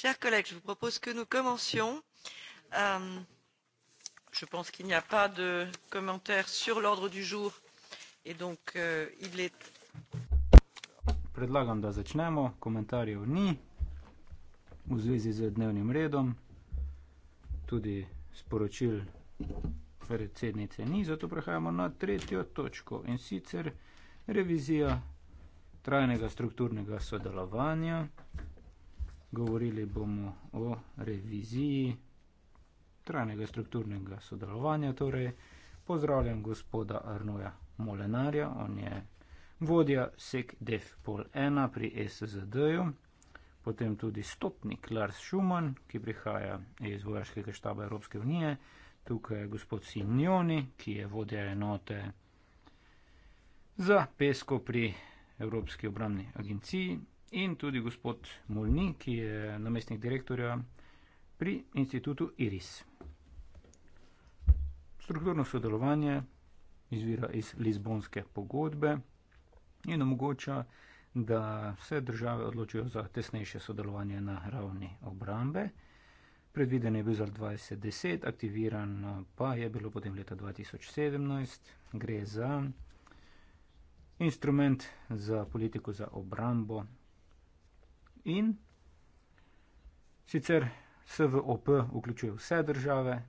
chers collègues je vous propose que nous commencions euh, je pense qu'il n'y a pas de commentaires sur l'ordre du jour et donc euh, il est Predlagam, da začnemo. Komentarjev ni v zvezi z dnevnim redom, tudi sporočil predsednice ni, zato prehajamo na tretjo točko in sicer revizija trajnega strukturnega sodelovanja govorili bomo o reviziji trajnega strukturnega sodelovanja. Torej, pozdravljam gospoda Arnoja Molenarja, on je vodja SECDEF POL 1 pri SZD-ju, potem tudi stotnik Lars Schumann, ki prihaja iz vojaškega štaba Evropske unije, tukaj je gospod Signoni, ki je vodja enote za pesko pri Evropski obramni agenciji, in tudi gospod Molni, ki je namestnik direktorja pri inštitutu IRIS. Strukturno sodelovanje izvira iz Lizbonske pogodbe in omogoča, da se države odločijo za tesnejše sodelovanje na ravni obrambe. Predviden je bil za 2010, aktiviran pa je bilo potem leta 2017. Gre za instrument za politiko za obrambo in sicer SVOP vključuje vse države,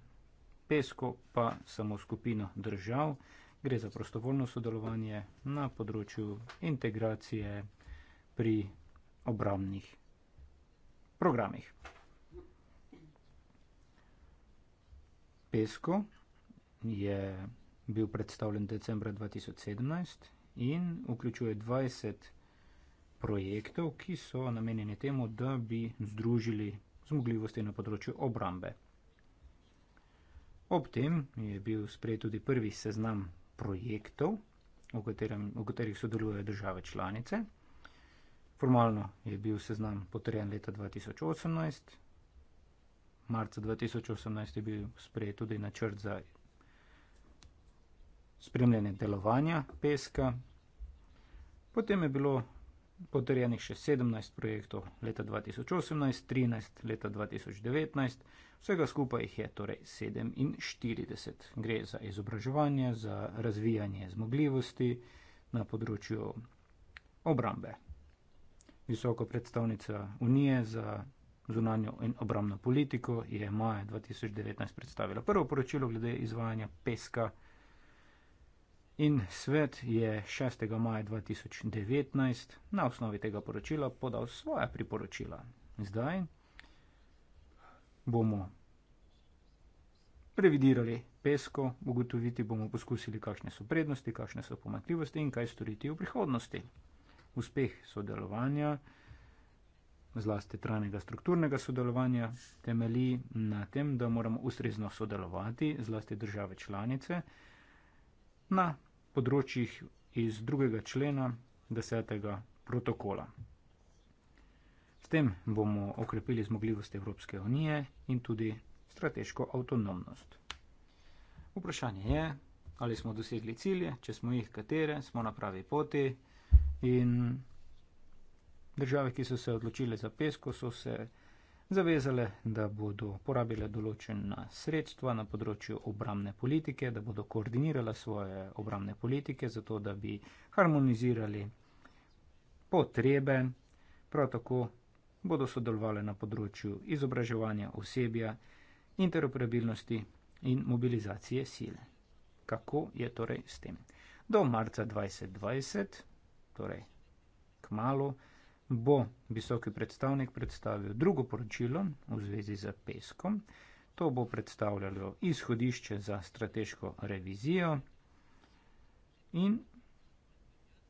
PESCO pa samo skupino držav. Gre za prostovoljno sodelovanje na področju integracije pri obramnih programih. PESCO je bil predstavljen decembra 2017 in vključuje 20 držav, projektov, ki so namenjeni temu, da bi združili zmogljivosti na področju obrambe. Ob tem je bil sprejet tudi prvi seznam projektov, v, katerem, v katerih sodelujejo države članice. Formalno je bil seznam potrjen leta 2018. Marca 2018 je bil sprejet tudi načrt za spremljanje delovanja peska. Potem je bilo potrjenih še 17 projektov leta 2018, 13 leta 2019, vsega skupaj jih je torej 47. Gre za izobraževanje, za razvijanje zmogljivosti na področju obrambe. Visoko predstavnica Unije za zunanjo in obrambno politiko je maja 2019 predstavila prvo poročilo glede izvajanja peska In svet je 6. maja 2019 na osnovi tega poročila podal svoje priporočila. Zdaj bomo previdirali pesko, ugotoviti bomo poskusili, kakšne so prednosti, kakšne so pomakljivosti in kaj storiti v prihodnosti. Uspeh sodelovanja, zlasti trajnega strukturnega sodelovanja, temelji na tem, da moramo ustrezno sodelovati, zlasti države članice, na področjih iz drugega člena desetega protokola. S tem bomo okrepili zmogljivosti Evropske unije in tudi strateško avtonomnost. Vprašanje je, ali smo dosegli cilje, če smo jih katere, smo na pravi poti in države, ki so se odločile za pesko, so se odločile zavezale, da bodo porabile določena sredstva na področju obramne politike, da bodo koordinirale svoje obramne politike, zato da bi harmonizirali potrebe, prav tako bodo sodelovali na področju izobraževanja osebja, interoperabilnosti in mobilizacije sile. Kako je torej s tem? Do marca 2020, torej k malu, bo visoki predstavnik predstavil drugo poročilo v zvezi z peskom. To bo predstavljalo izhodišče za strateško revizijo in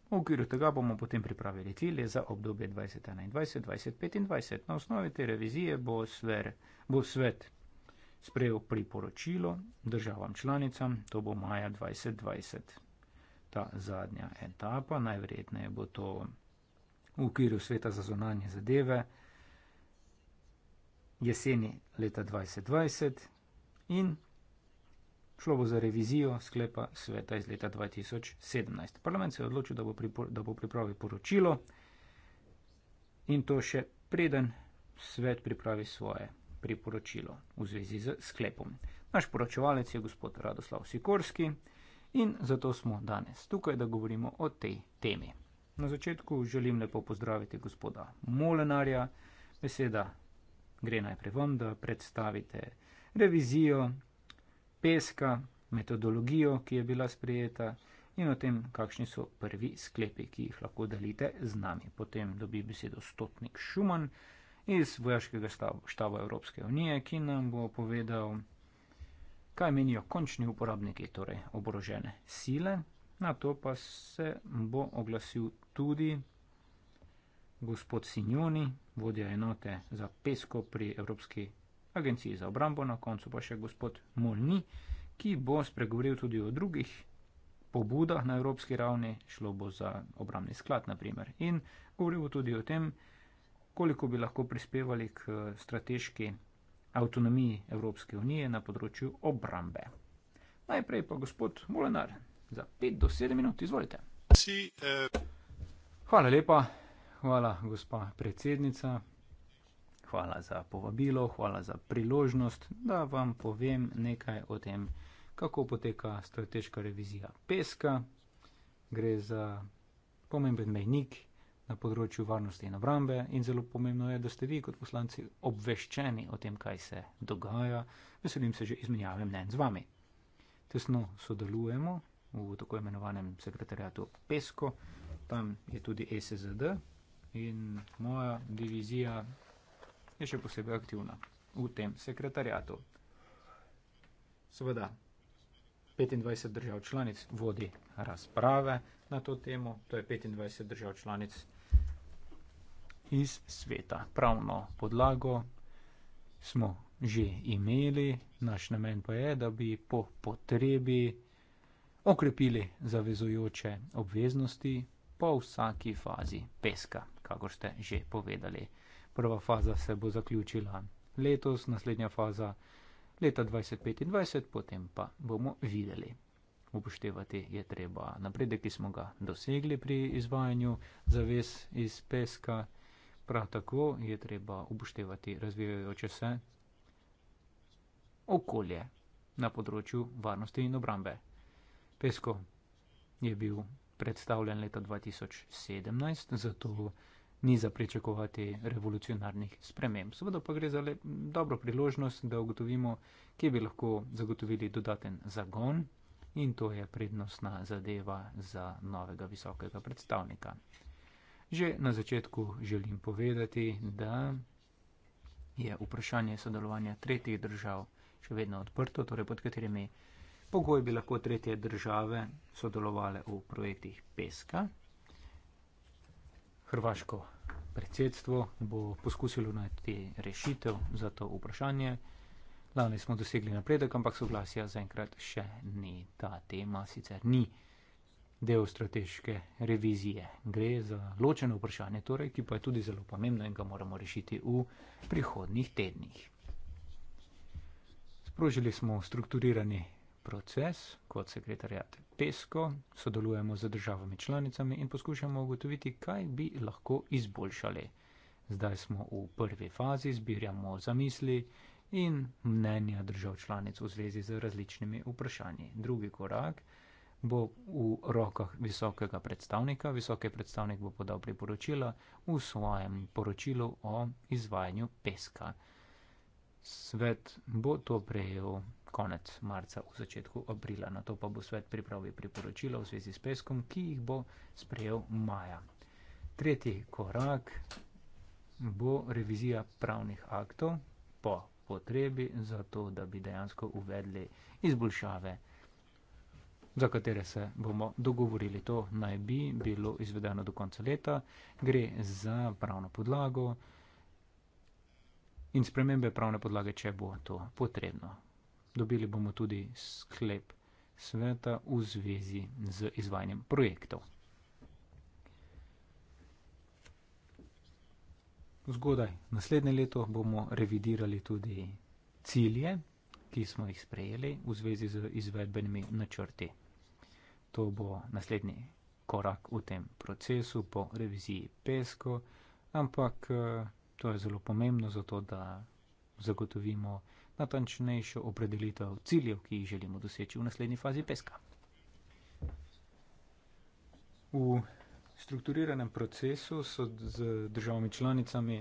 v okviru tega bomo potem pripravili cilje za obdobje 2021-2025. Na osnovi te revizije bo, sver, bo svet sprejel priporočilo državam članicam, to bo maja 2020. Ta zadnja etapa, najverjetneje bo to v okviru sveta za zunanje zadeve jeseni leta 2020 in šlo bo za revizijo sklepa sveta iz leta 2017. Parlament se je odločil, da bo, pripor, da bo pripravil poročilo in to še preden svet pripravi svoje priporočilo v zvezi z sklepom. Naš poročevalec je gospod Radoslav Sikorski in zato smo danes tukaj, da govorimo o tej temi. Na začetku želim lepo pozdraviti gospoda Molenarja. Beseda gre najprej vam, da predstavite revizijo peska, metodologijo, ki je bila sprejeta in o tem, kakšni so prvi sklepi, ki jih lahko delite z nami. Potem dobi besedo Stotnik Šuman iz Vojaškega štaba Evropske unije, ki nam bo povedal, kaj menijo končni uporabniki, torej oborožene sile, Na to pa se bo oglasil tudi gospod Signoni, vodja enote za pesko pri Evropski agenciji za obrambo, na koncu pa še gospod Molni, ki bo spregovoril tudi o drugih pobudah na evropski ravni, šlo bo za obramni sklad, naprimer. In govoril bo tudi o tem, koliko bi lahko prispevali k strateški avtonomiji Evropske unije na področju obrambe. Najprej pa gospod Molenar za 5 do 7 minut. Izvolite. Si, eh. Hvala lepa, hvala gospa predsednica, hvala za povabilo, hvala za priložnost, da vam povem nekaj o tem, kako poteka strateška revizija peska. Gre za pomemben mejnik na področju varnosti in obrambe in zelo pomembno je, da ste vi kot poslanci obveščeni o tem, kaj se dogaja. Veselim se že izmenjave mnen z vami. Tesno sodelujemo v tako imenovanem sekretarijatu PESCO, tam je tudi e SSD in moja divizija je še posebej aktivna v tem sekretarijatu. Seveda, 25 držav članic vodi razprave na to temo, to je 25 držav članic iz sveta. Pravno podlago smo že imeli, naš namen pa je, da bi po potrebi okrepili zavezujoče obveznosti po vsaki fazi peska, kako ste že povedali. Prva faza se bo zaključila letos, naslednja faza leta 2025, potem pa bomo videli. Upoštevati je treba napredek, ki smo ga dosegli pri izvajanju zavez iz peska. Prav tako je treba upoštevati razvijajoče se okolje na področju varnosti in obrambe. Pesko je bil predstavljen leta 2017, zato ni za pričakovati revolucionarnih sprememb. Seveda pa gre za le, dobro priložnost, da ugotovimo, kje bi lahko zagotovili dodaten zagon in to je prednostna zadeva za novega visokega predstavnika. Že na začetku želim povedati, da je vprašanje sodelovanja tretjih držav še vedno odprto, torej pod katerimi Pogoj bi lahko tretje države sodelovali v projektih peska. Hrvaško predsedstvo bo poskusilo najti rešitev za to vprašanje. Lani smo dosegli napredek, ampak soglasja zaenkrat še ni. Ta tema sicer ni del strateške revizije. Gre za ločeno vprašanje, torej, ki pa je tudi zelo pomembno in ga moramo rešiti v prihodnih tednih. Sprožili smo strukturirani proces, kot sekretarjat PESCO, sodelujemo z državami članicami in poskušamo ugotoviti, kaj bi lahko izboljšali. Zdaj smo v prvi fazi, zbiramo zamisli in mnenja držav članic v zvezi z različnimi vprašanji. Drugi korak bo v rokah visokega predstavnika. Visoki predstavnik bo podal priporočila v svojem poročilu o izvajanju PESCA. Svet bo to prejel konec marca, v začetku aprila. Na to pa bo svet pripravil priporočila v zvezi s peskom, ki jih bo sprejel maja. Tretji korak bo revizija pravnih aktov po potrebi za to, da bi dejansko uvedli izboljšave, za katere se bomo dogovorili. To naj bi bilo izvedeno do konca leta. Gre za pravno podlago in spremembe pravne podlage, če bo to potrebno dobili bomo tudi sklep sveta v zvezi z izvajanjem projektov. Zgodaj naslednje leto bomo revidirali tudi cilje, ki smo jih sprejeli v zvezi z izvedbenimi načrti. To bo naslednji korak v tem procesu po reviziji PESCO, ampak eh, to je zelo pomembno zato, da zagotovimo, da natančnejšo opredelitev ciljev, ki jih želimo doseči v naslednji fazi peska. V strukturiranem procesu so z državami članicami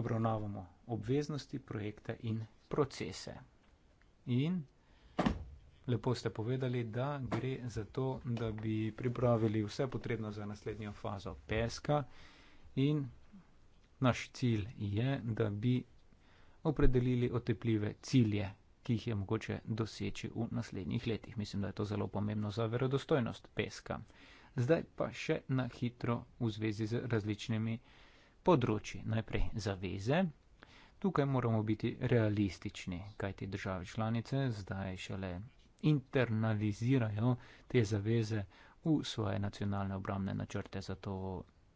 obravnavamo obveznosti, projekte in procese. In lepo ste povedali, da gre za to, da bi pripravili vse potrebno za naslednjo fazo peska in naš cilj je, da bi opredelili otepljive cilje, ki jih je mogoče doseči v naslednjih letih. Mislim, da je to zelo pomembno za verodostojnost peska. Zdaj pa še na hitro v zvezi z različnimi področji. Najprej zaveze. Tukaj moramo biti realistični, kajti države članice zdaj šele internalizirajo te zaveze v svoje nacionalne obramne načrte, zato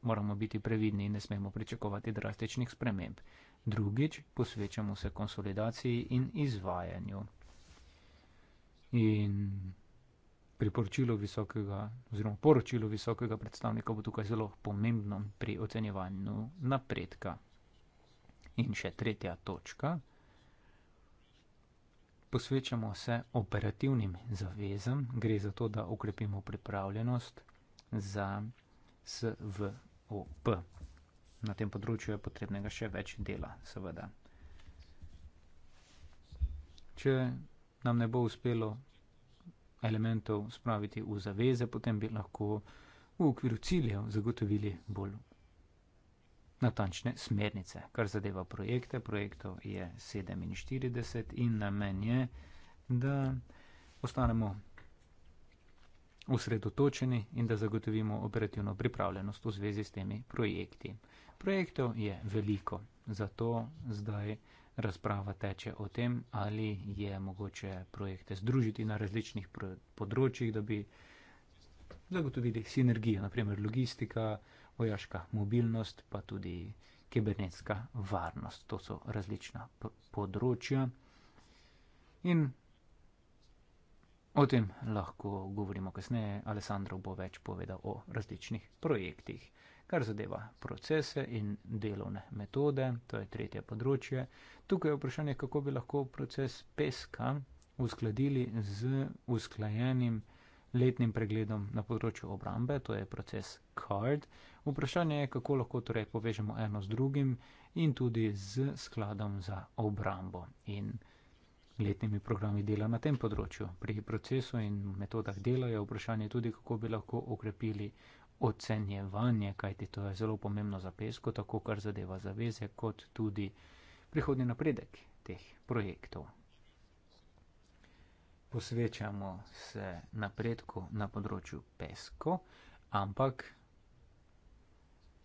moramo biti previdni in ne smemo pričakovati drastičnih sprememb drugič posvečamo se konsolidaciji in izvajanju. In priporočilo visokega, oziroma poročilo visokega predstavnika bo tukaj zelo pomembno pri ocenjevanju napredka. In še tretja točka. Posvečamo se operativnim zavezam, gre za to, da ukrepimo pripravljenost za SVOP na tem področju je potrebnega še več dela, seveda. Če nam ne bo uspelo elementov spraviti v zaveze, potem bi lahko v okviru ciljev zagotovili bolj natančne smernice. Kar zadeva projekte, projektov je 47 in namen je, da ostanemo osredotočeni in da zagotovimo operativno pripravljenost v zvezi s temi projekti. Projektov je veliko, zato zdaj razprava teče o tem, ali je mogoče projekte združiti na različnih področjih, da bi zagotovili sinergijo, naprimer logistika, vojaška mobilnost, pa tudi kibernetska varnost. To so različna področja. In O tem lahko govorimo kasneje. Aleksandrov bo več povedal o različnih projektih. Kar zadeva procese in delovne metode, to je tretje področje. Tukaj je vprašanje, kako bi lahko proces peska uskladili z usklajenim letnim pregledom na področju obrambe, to je proces CARD. Vprašanje je, kako lahko torej povežemo eno z drugim in tudi z skladom za obrambo. In letnimi programi dela na tem področju. Pri procesu in metodah dela je vprašanje tudi, kako bi lahko okrepili ocenjevanje, kajti to je zelo pomembno za pesko, tako kar zadeva zaveze, kot tudi prihodni napredek teh projektov. Posvečamo se napredku na področju pesko, ampak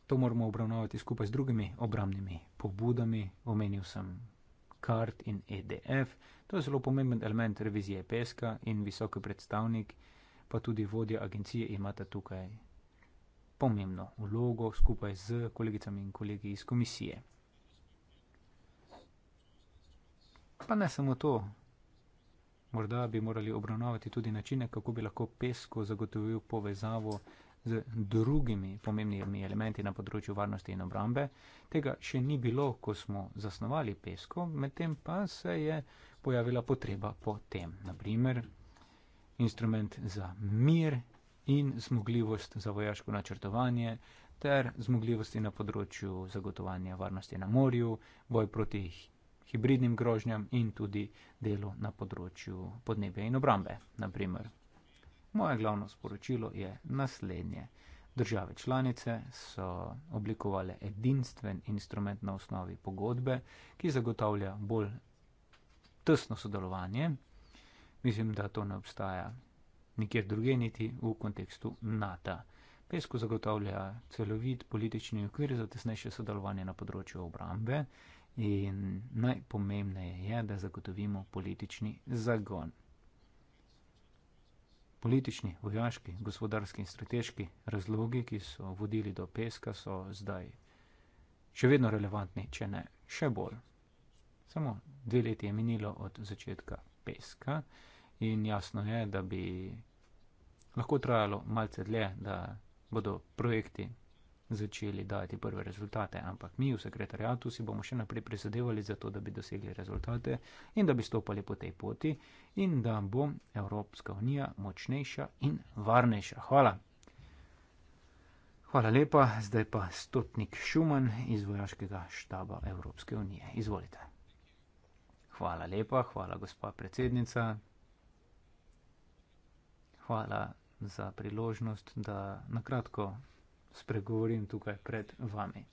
to moramo obravnavati skupaj z drugimi obramnimi pobudami. Omenil sem kart in EDF, To je zelo pomemben element revizije peska in visoki predstavnik, pa tudi vodja agencije imata tukaj pomembno vlogo skupaj z kolegicami in kolegi iz komisije. Pa ne samo to. Morda bi morali obravnavati tudi načine, kako bi lahko pesko zagotovil povezavo z drugimi pomembnimi elementi na področju varnosti in obrambe. Tega še ni bilo, ko smo zasnovali pesko, medtem pa se je pojavila potreba po tem. Naprimer, instrument za mir in zmogljivost za vojaško načrtovanje ter zmogljivosti na področju zagotovanja varnosti na morju, boj proti jih hibridnim grožnjam in tudi delo na področju podnebja in obrambe. Naprimer, moje glavno sporočilo je naslednje. Države članice so oblikovale edinstven instrument na osnovi pogodbe, ki zagotavlja bolj tesno sodelovanje. Mislim, da to ne obstaja nikjer druge, niti v kontekstu NATO. PESCO zagotavlja celovit politični okvir za tesnejše sodelovanje na področju obrambe in najpomembneje je, da zagotovimo politični zagon. Politični, vojaški, gospodarski in strateški razlogi, ki so vodili do PESCO, so zdaj še vedno relevantni, če ne še bolj. Samo dve leti je minilo od začetka peska in jasno je, da bi lahko trajalo malce dlje, da bodo projekti začeli dajati prve rezultate, ampak mi v sekretarijatu si bomo še naprej prizadevali za to, da bi dosegli rezultate in da bi stopali po tej poti in da bo Evropska unija močnejša in varnejša. Hvala. Hvala lepa, zdaj pa stotnik Šuman iz vojaškega štaba Evropske unije. Izvolite. Hvala lepa, hvala gospa predsednica. Hvala za priložnost, da nakratko spregovorim tukaj pred vami.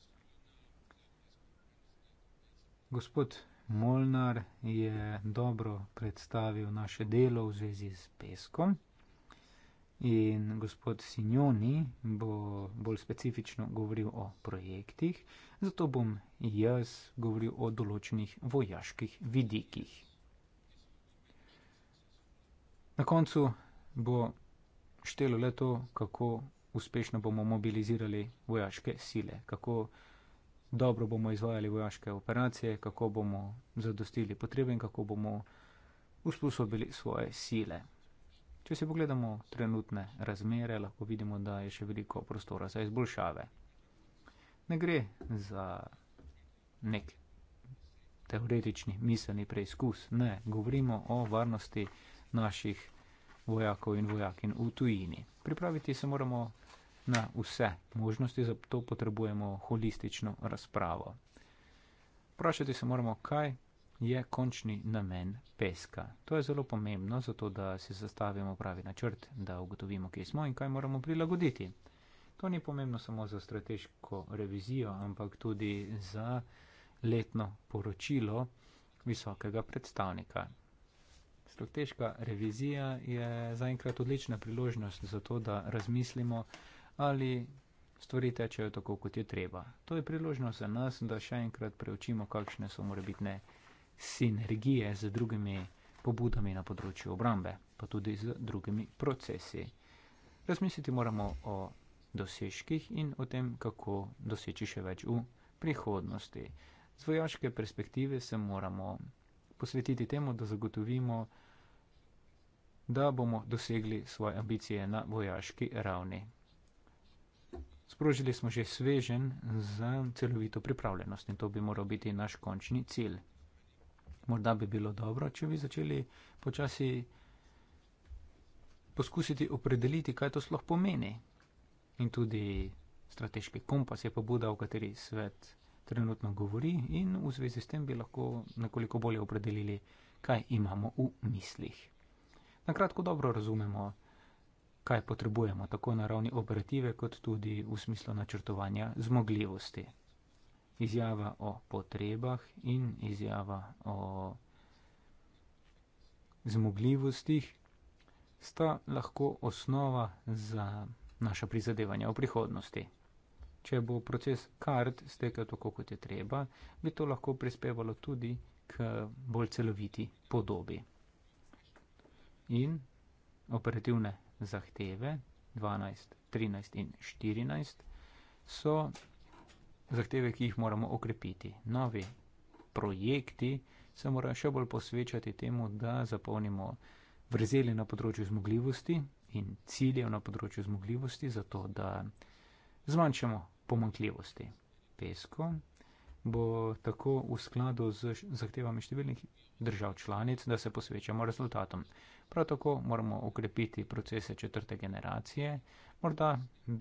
Gospod Molnar je dobro predstavil naše delo v zvezi z peskom. In gospod Signoni bo bolj specifično govoril o projektih, zato bom jaz govoril o določenih vojaških vidikih. Na koncu bo štelo le to, kako uspešno bomo mobilizirali vojaške sile, kako dobro bomo izvajali vojaške operacije, kako bomo zadostili potrebe in kako bomo usposobili svoje sile. Če si pogledamo trenutne razmere, lahko vidimo, da je še veliko prostora za izboljšave. Ne gre za nek teoretični miselni preizkus, ne, govorimo o varnosti naših vojakov in vojakin v tujini. Pripraviti se moramo na vse možnosti, zato potrebujemo holistično razpravo. Vprašati se moramo, kaj je končni namen peska. To je zelo pomembno, zato da si zastavimo pravi načrt, da ugotovimo, kje smo in kaj moramo prilagoditi. To ni pomembno samo za strateško revizijo, ampak tudi za letno poročilo visokega predstavnika. Strateška revizija je zaenkrat odlična priložnost za to, da razmislimo, ali stvari tečejo tako, kot je treba. To je priložnost za nas, da še enkrat preučimo, kakšne so morebitne sinergije z drugimi pobudami na področju obrambe, pa tudi z drugimi procesi. Razmisliti moramo o dosežkih in o tem, kako doseči še več v prihodnosti. Z vojaške perspektive se moramo posvetiti temu, da zagotovimo, da bomo dosegli svoje ambicije na vojaški ravni. Sprožili smo že svežen za celovito pripravljenost in to bi moral biti naš končni cilj. Morda bi bilo dobro, če bi začeli počasi poskusiti opredeliti, kaj to sploh pomeni. In tudi strateški kompas je pobuda, o kateri svet trenutno govori, in v zvezi s tem bi lahko nekoliko bolje opredelili, kaj imamo v mislih. Na kratko dobro razumemo, kaj potrebujemo, tako na ravni operative, kot tudi v smislu načrtovanja zmogljivosti izjava o potrebah in izjava o zmogljivostih sta lahko osnova za naša prizadevanja v prihodnosti. Če bo proces kart stekel tako, kot je treba, bi to lahko prispevalo tudi k bolj celoviti podobi. In operativne zahteve 12, 13 in 14 so zahteve, ki jih moramo okrepiti. Novi projekti se morajo še bolj posvečati temu, da zapolnimo vrzeli na področju zmogljivosti in ciljev na področju zmogljivosti, zato da zmanjšamo pomankljivosti. Pesko bo tako v skladu z zahtevami številnih držav članic, da se posvečamo rezultatom. Prav tako moramo okrepiti procese četrte generacije. Morda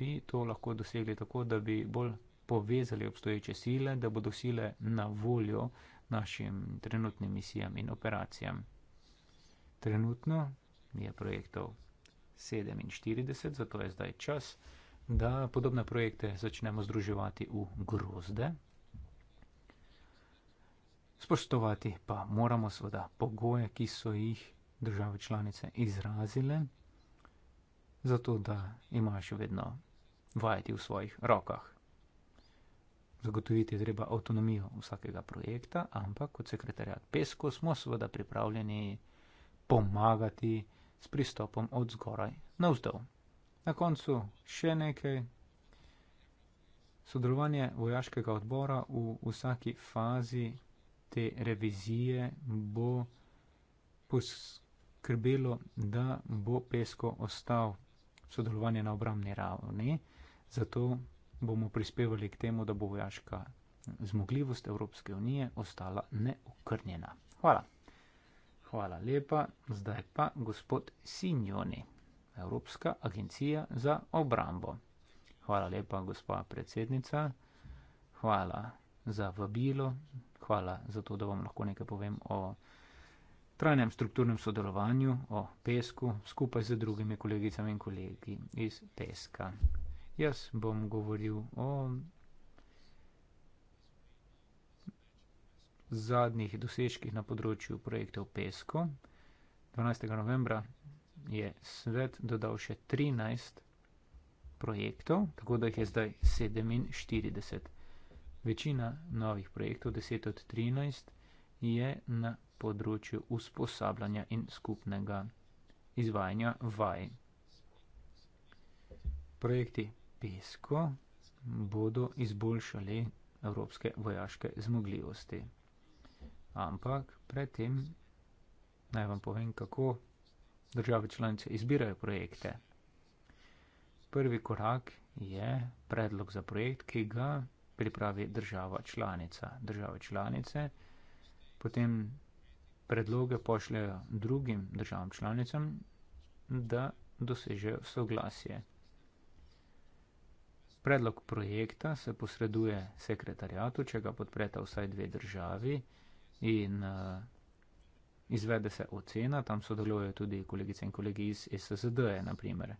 bi to lahko dosegli tako, da bi bolj povezali obstoječe sile, da bodo sile na voljo našim trenutnim misijam in operacijam. Trenutno je projektov 47, zato je zdaj čas, da podobne projekte začnemo združevati v grozde. Spoštovati pa moramo seveda pogoje, ki so jih države članice izrazile, zato da imajo še vedno vajeti v svojih rokah zagotoviti treba avtonomijo vsakega projekta, ampak kot sekretarjat PESCO smo seveda pripravljeni pomagati s pristopom od zgoraj navzdol. Na koncu še nekaj. Sodelovanje vojaškega odbora v vsaki fazi te revizije bo poskrbelo, da bo PESCO ostal sodelovanje na obramni ravni, zato bomo prispevali k temu, da bo vojaška zmogljivost Evropske unije ostala neokrnjena. Hvala. Hvala lepa. Zdaj pa gospod Signoni, Evropska agencija za obrambo. Hvala lepa, gospa predsednica. Hvala za vabilo. Hvala za to, da vam lahko nekaj povem o trajnem strukturnem sodelovanju, o pesku, skupaj z drugimi kolegicami in kolegi iz peska. Jaz bom govoril o zadnjih dosežkih na področju projektov PESCO. 12. novembra je svet dodal še 13 projektov, tako da jih je zdaj 47. Večina novih projektov, 10 od 13, je na področju usposabljanja in skupnega izvajanja vaj. Projekti pesku bodo izboljšali evropske vojaške zmogljivosti. Ampak predtem naj vam povem, kako države članice izbirajo projekte. Prvi korak je predlog za projekt, ki ga pripravi država članica. Države članice potem predloge pošljajo drugim državam članicam, da dosežejo soglasje. Predlog projekta se posreduje sekretarjatu, če ga podpreta vsaj dve državi in uh, izvede se ocena, tam sodelujejo tudi kolegice in kolegi iz SSD, -e, na primer.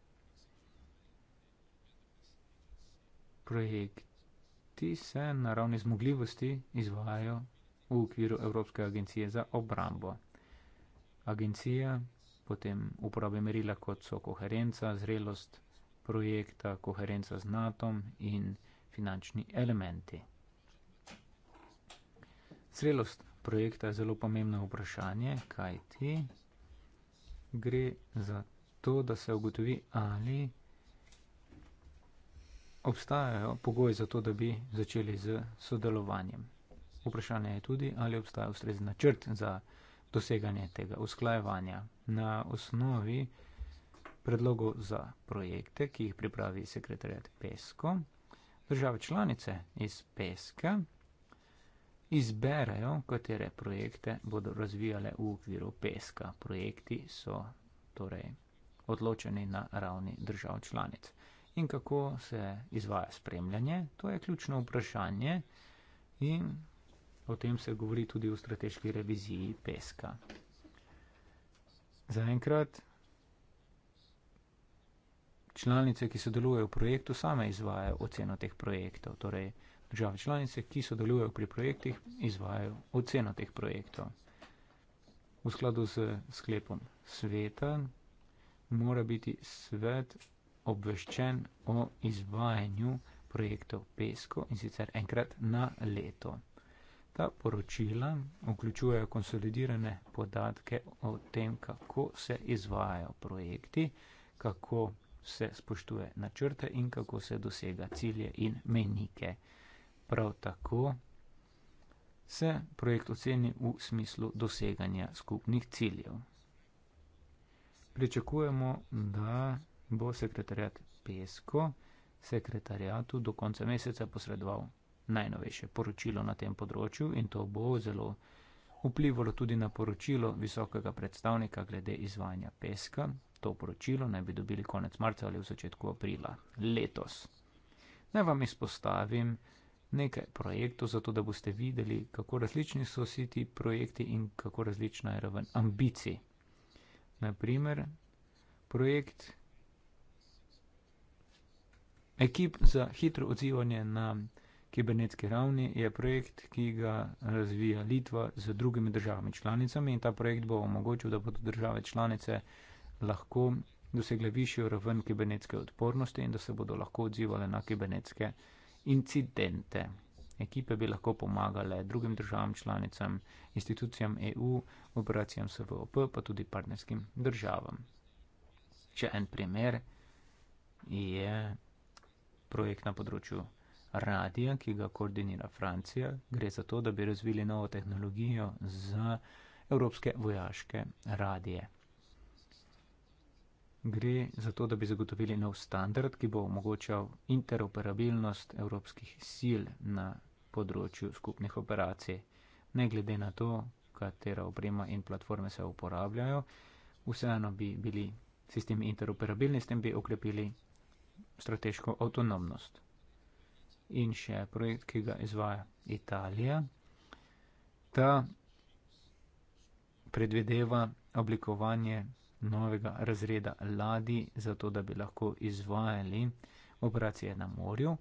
Projekti se na ravni zmogljivosti izvajajo v okviru Evropske agencije za obrambo. Agencija potem uporabi merila kot so koherenca, zrelost, projekta, koherenca z NATO-om in finančni elementi. Celost projekta je zelo pomembno vprašanje, kaj ti gre za to, da se ugotovi, ali obstajajo pogoji za to, da bi začeli z sodelovanjem. Vprašanje je tudi, ali obstaja ustrezen načrt za doseganje tega usklajevanja. Na osnovi predlogov za projekte, ki jih pripravi sekretarjat PESCO. Države članice iz PESCA izberajo, katere projekte bodo razvijale v okviru PESCA. Projekti so torej odločeni na ravni držav članic. In kako se izvaja spremljanje? To je ključno vprašanje in o tem se govori tudi v strateški reviziji PESCA. Zaenkrat članice, ki sodelujejo v projektu, same izvajajo oceno teh projektov. Torej, države članice, ki sodelujejo pri projektih, izvajajo oceno teh projektov. V skladu z sklepom sveta mora biti svet obveščen o izvajanju projektov PESCO in sicer enkrat na leto. Ta poročila vključujejo konsolidirane podatke o tem, kako se izvajajo projekti, kako se spoštuje načrte in kako se dosega cilje in menike. Prav tako se projekt oceni v smislu doseganja skupnih ciljev. Pričakujemo, da bo sekretarjat Pesko sekretarjatu do konca meseca posredoval najnovejše poročilo na tem področju in to bo zelo vplivalo tudi na poročilo visokega predstavnika glede izvajanja Peska, to poročilo naj bi dobili konec marca ali v začetku aprila letos. Naj vam izpostavim nekaj projektov, zato da boste videli, kako različni so vsi ti projekti in kako različna je raven ambicij. Naprimer, projekt Ekip za hitro odzivanje na kibernetski ravni je projekt, ki ga razvija Litva z drugimi državami članicami in ta projekt bo omogočil, da bodo države članice lahko dosegle višjo raven kibernetske odpornosti in da se bodo lahko odzivale na kibernetske incidente. Ekipe bi lahko pomagale drugim državam, članicam, institucijam EU, operacijam SVOP, pa tudi partnerskim državam. Še en primer je projekt na področju radija, ki ga koordinira Francija. Gre za to, da bi razvili novo tehnologijo za evropske vojaške radije. Gre za to, da bi zagotovili nov standard, ki bo omogočal interoperabilnost evropskih sil na področju skupnih operacij. Ne glede na to, katera oprema in platforme se uporabljajo, vseeno bi bili sistemi interoperabilni, s tem bi okrepili strateško avtonomnost. In še projekt, ki ga izvaja Italija. Ta predvideva oblikovanje novega razreda ladi, zato da bi lahko izvajali operacije na morju.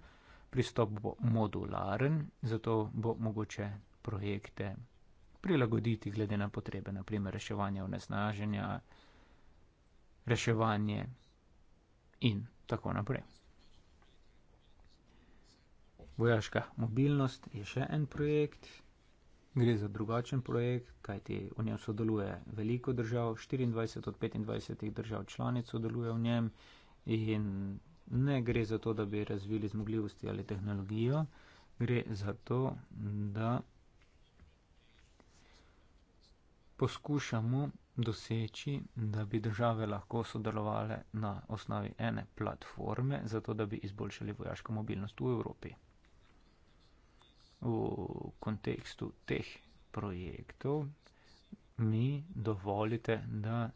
Pristop bo modularen, zato bo mogoče projekte prilagoditi glede na potrebe, naprimer reševanje onesnaženja, reševanje in tako naprej. Vojaška mobilnost je še en projekt. Gre za drugačen projekt, kajti v njem sodeluje veliko držav, 24 od 25 držav članic sodeluje v njem in ne gre za to, da bi razvili zmogljivosti ali tehnologijo, gre za to, da poskušamo doseči, da bi države lahko sodelovale na osnovi ene platforme, zato da bi izboljšali vojaško mobilnost v Evropi v kontekstu teh projektov, mi dovolite, da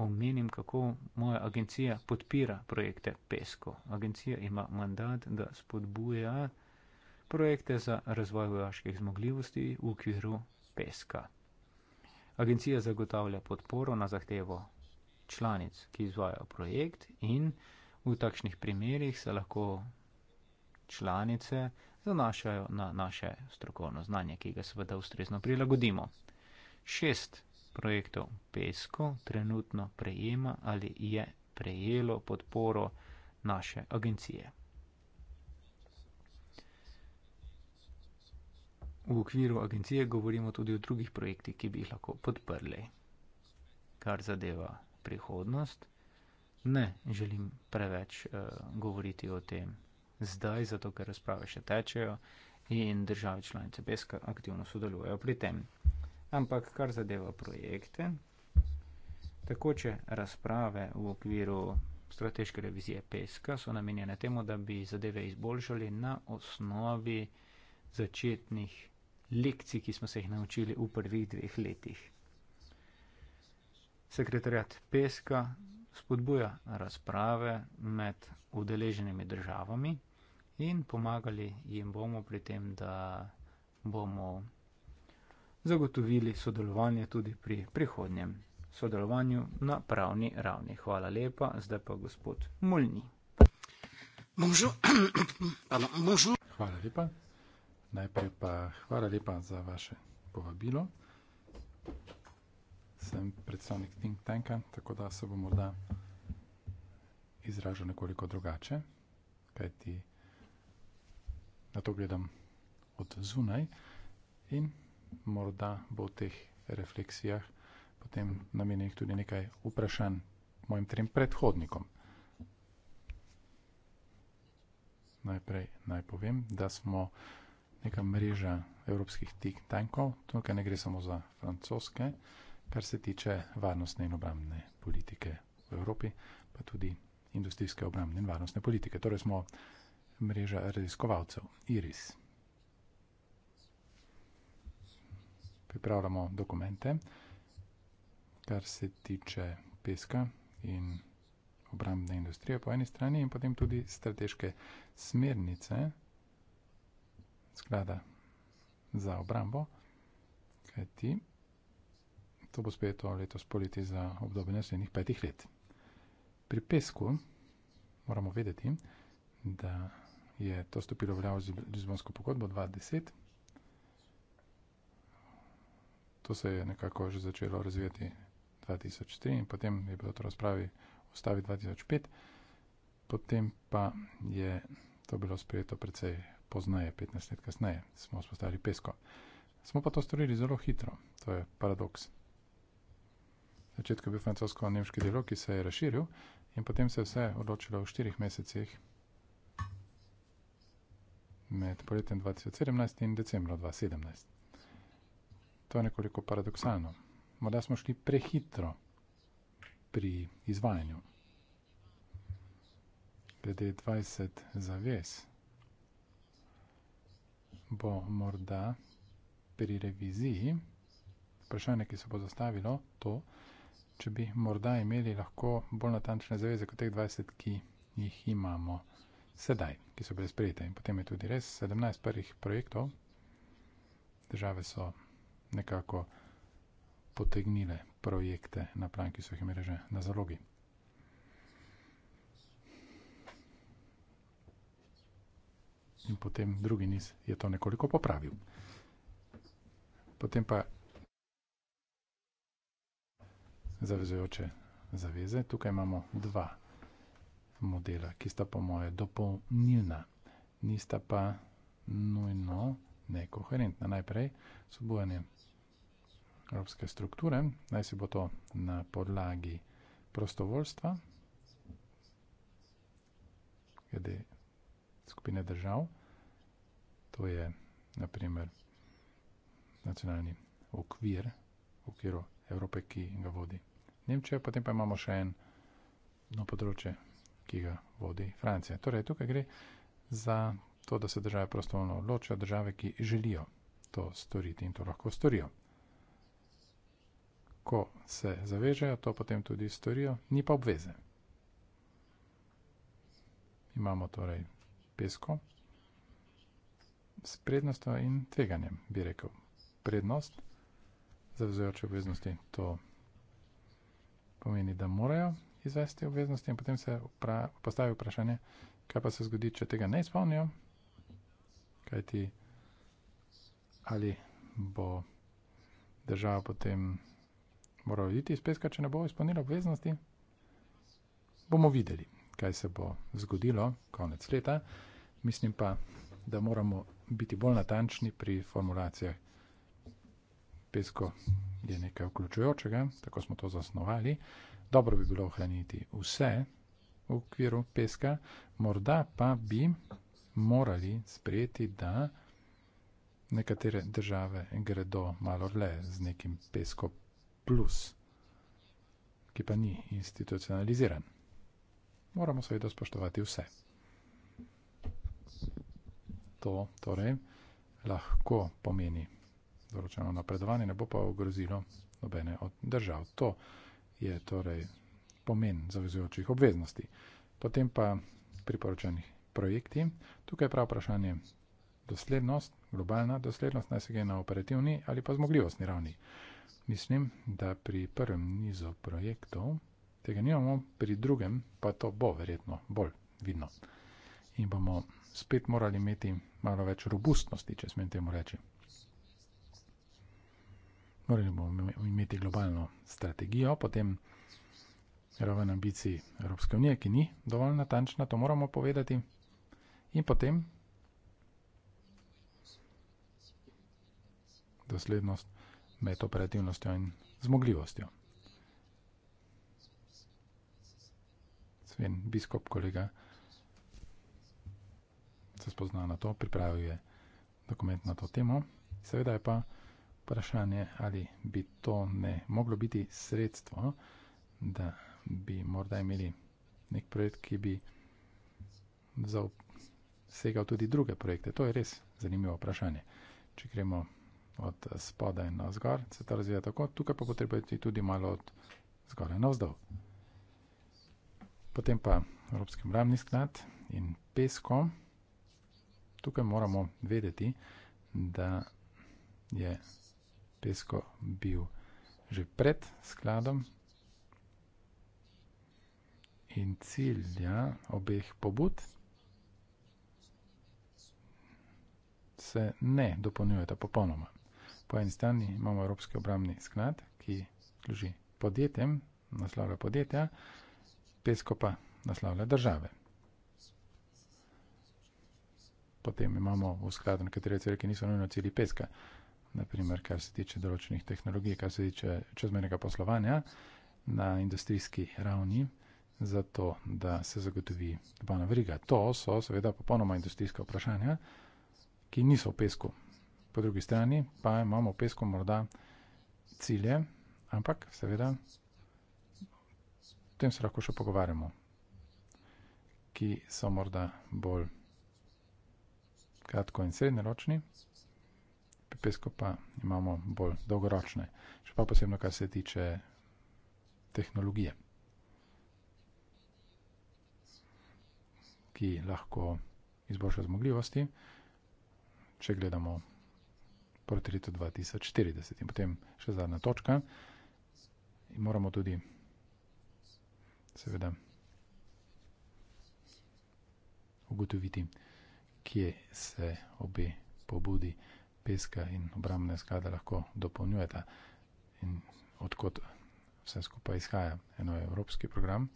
omenim, kako moja agencija podpira projekte PESCO. Agencija ima mandat, da spodbuja projekte za razvoj vojaških zmogljivosti v okviru PESCO. Agencija zagotavlja podporo na zahtevo članic, ki izvajo projekt in v takšnih primerjih se lahko članice zanašajo na naše strokovno znanje, ki ga seveda ustrezno prilagodimo. Šest projektov PESCO trenutno prejema ali je prejelo podporo naše agencije. V okviru agencije govorimo tudi o drugih projektih, ki bi jih lahko podprli. Kar zadeva prihodnost, ne želim preveč uh, govoriti o tem zdaj, zato ker razprave še tečejo in države članice Beska aktivno sodelujejo pri tem. Ampak kar zadeva projekte, takoče razprave v okviru strateške revizije Peska so namenjene temu, da bi zadeve izboljšali na osnovi začetnih lekcij, ki smo se jih naučili v prvih dveh letih. Sekretarjat Peska spodbuja razprave med udeleženimi državami in pomagali jim bomo pri tem, da bomo zagotovili sodelovanje tudi pri prihodnjem sodelovanju na pravni ravni. Hvala lepa, zdaj pa gospod Mulni. Hvala lepa. Najprej pa hvala lepa za vaše povabilo. Sem predstavnik Think Tanka, tako da se bom morda izražal nekoliko drugače, kajti na to gledam od zunaj in morda bo v teh refleksijah potem namenjenih tudi nekaj vprašanj mojim trem predhodnikom. Najprej naj povem, da smo neka mreža evropskih think tankov, tukaj ne gre samo za francoske, kar se tiče varnostne in obramne politike v Evropi, pa tudi industrijske obramne in varnostne politike. Torej smo mreža raziskovalcev IRIS. Pripravljamo dokumente, kar se tiče peska in obrambne industrije po eni strani in potem tudi strateške smernice sklada za obrambo, kajti to bo spet to letos poleti za obdobje naslednjih petih let. Pri pesku moramo vedeti, da je to stopilo v ljavo z Lizbonsko pogodbo 2010. To se je nekako že začelo razvijati 2003 in potem je bilo to razpravi ustavi 2005. Potem pa je to bilo sprejeto precej poznaje, 15 let kasneje, smo spostavili pesko. Smo pa to storili zelo hitro, to je paradoks. Začetko je bil francosko-nemški dialog, ki se je razširil in potem se je vse odločilo v štirih mesecih med poletjem 2017 in decembrom 2017. To je nekoliko paradoksalno. Morda smo šli prehitro pri izvajanju. Glede 20 zaves bo morda pri reviziji vprašanje, ki se bo zastavilo, to, če bi morda imeli lahko bolj natančne zaveze kot teh 20, ki jih imamo sedaj, ki so bile sprejete. In potem je tudi res 17 prvih projektov, države so nekako potegnile projekte na plan, ki so jih imele že na zalogi. In potem drugi niz je to nekoliko popravil. Potem pa zavezujoče zaveze. Tukaj imamo dva modela, ki sta po moje dopolnilna, nista pa nujno nekoherentna. Najprej sobojanje evropske strukture, naj se bo to na podlagi prostovoljstva, glede skupine držav, to je naprimer nacionalni okvir v okviru Evrope, ki ga vodi Nemčija, potem pa imamo še eno področje, ki ga vodi Francija. Torej, tukaj gre za to, da se države prostovoljno odločijo, države, ki želijo to storiti in to lahko storijo. Ko se zavežejo, to potem tudi storijo, ni pa obveze. Imamo torej pesko s prednostjo in tveganjem, bi rekel. Prednost zavezujoče obveznosti to pomeni, da morajo izvesti te obveznosti in potem se vpra, postavi vprašanje, kaj pa se zgodi, če tega ne izpolnijo, kaj ti ali bo država potem morala iti iz peska, če ne bo izpolnila obveznosti, bomo videli, kaj se bo zgodilo konec leta. Mislim pa, da moramo biti bolj natančni pri formulacijah. Pesko je nekaj vključujočega, tako smo to zasnovali dobro bi bilo ohraniti vse v okviru peska, morda pa bi morali sprejeti, da nekatere države gredo malo le z nekim pesko plus, ki pa ni institucionaliziran. Moramo seveda spoštovati vse. To torej lahko pomeni določeno napredovanje, ne bo pa ogrozilo nobene od držav. To je je torej pomen zavezujočih obveznosti. Potem pa priporočeni projekti. Tukaj je prav vprašanje doslednost, globalna doslednost, naj se gre na operativni ali pa zmogljivostni ravni. Mislim, da pri prvem nizu projektov tega nimamo, pri drugem pa to bo verjetno bolj vidno. In bomo spet morali imeti malo več robustnosti, če smem temu reči. Morali bomo imeti globalno strategijo, potem raven ambicij Evropske unije, ki ni dovolj natančna, to moramo povedati, in potem doslednost med operativnostjo in zmogljivostjo. Sven biskup, kolega, se spozna na to, pripravil je dokument na to temo, seveda je pa vprašanje, ali bi to ne moglo biti sredstvo, da bi morda imeli nek projekt, ki bi zasegal tudi druge projekte. To je res zanimivo vprašanje. Če gremo od spodaj na zgor, se ta razvija tako, tukaj pa potrebujete tudi malo od zgoraj na vzdolj. Potem pa Evropski mramni sklad in pesko. Tukaj moramo vedeti, da je pesko bil že pred skladom. In cilj ja, obeh pobud se ne dopolnjujeta popolnoma. Po eni strani imamo Evropski obramni sklad, ki služi podjetjem, naslavlja podjetja, pesko pa naslavlja države. Potem imamo v skladu nekatere cele, ki niso nujno cilji peska naprimer, kar se tiče določenih tehnologij, kar se tiče čezmernega poslovanja na industrijski ravni, zato da se zagotovi dobavna veriga. To so seveda popolnoma industrijska vprašanja, ki niso v pesku. Po drugi strani pa imamo v pesku morda cilje, ampak seveda o tem se lahko še pogovarjamo, ki so morda bolj kratko in srednjeročni pesku pa imamo bolj dolgoročne, še pa posebno, kar se tiče tehnologije, ki lahko izboljša zmogljivosti, če gledamo proti letu 2040. In potem še zadnja točka. In moramo tudi seveda ugotoviti, kje se obe pobudi peska in obrambne sklade lahko dopolnjujeta. In odkot vse skupaj izhaja, eno je evropski program.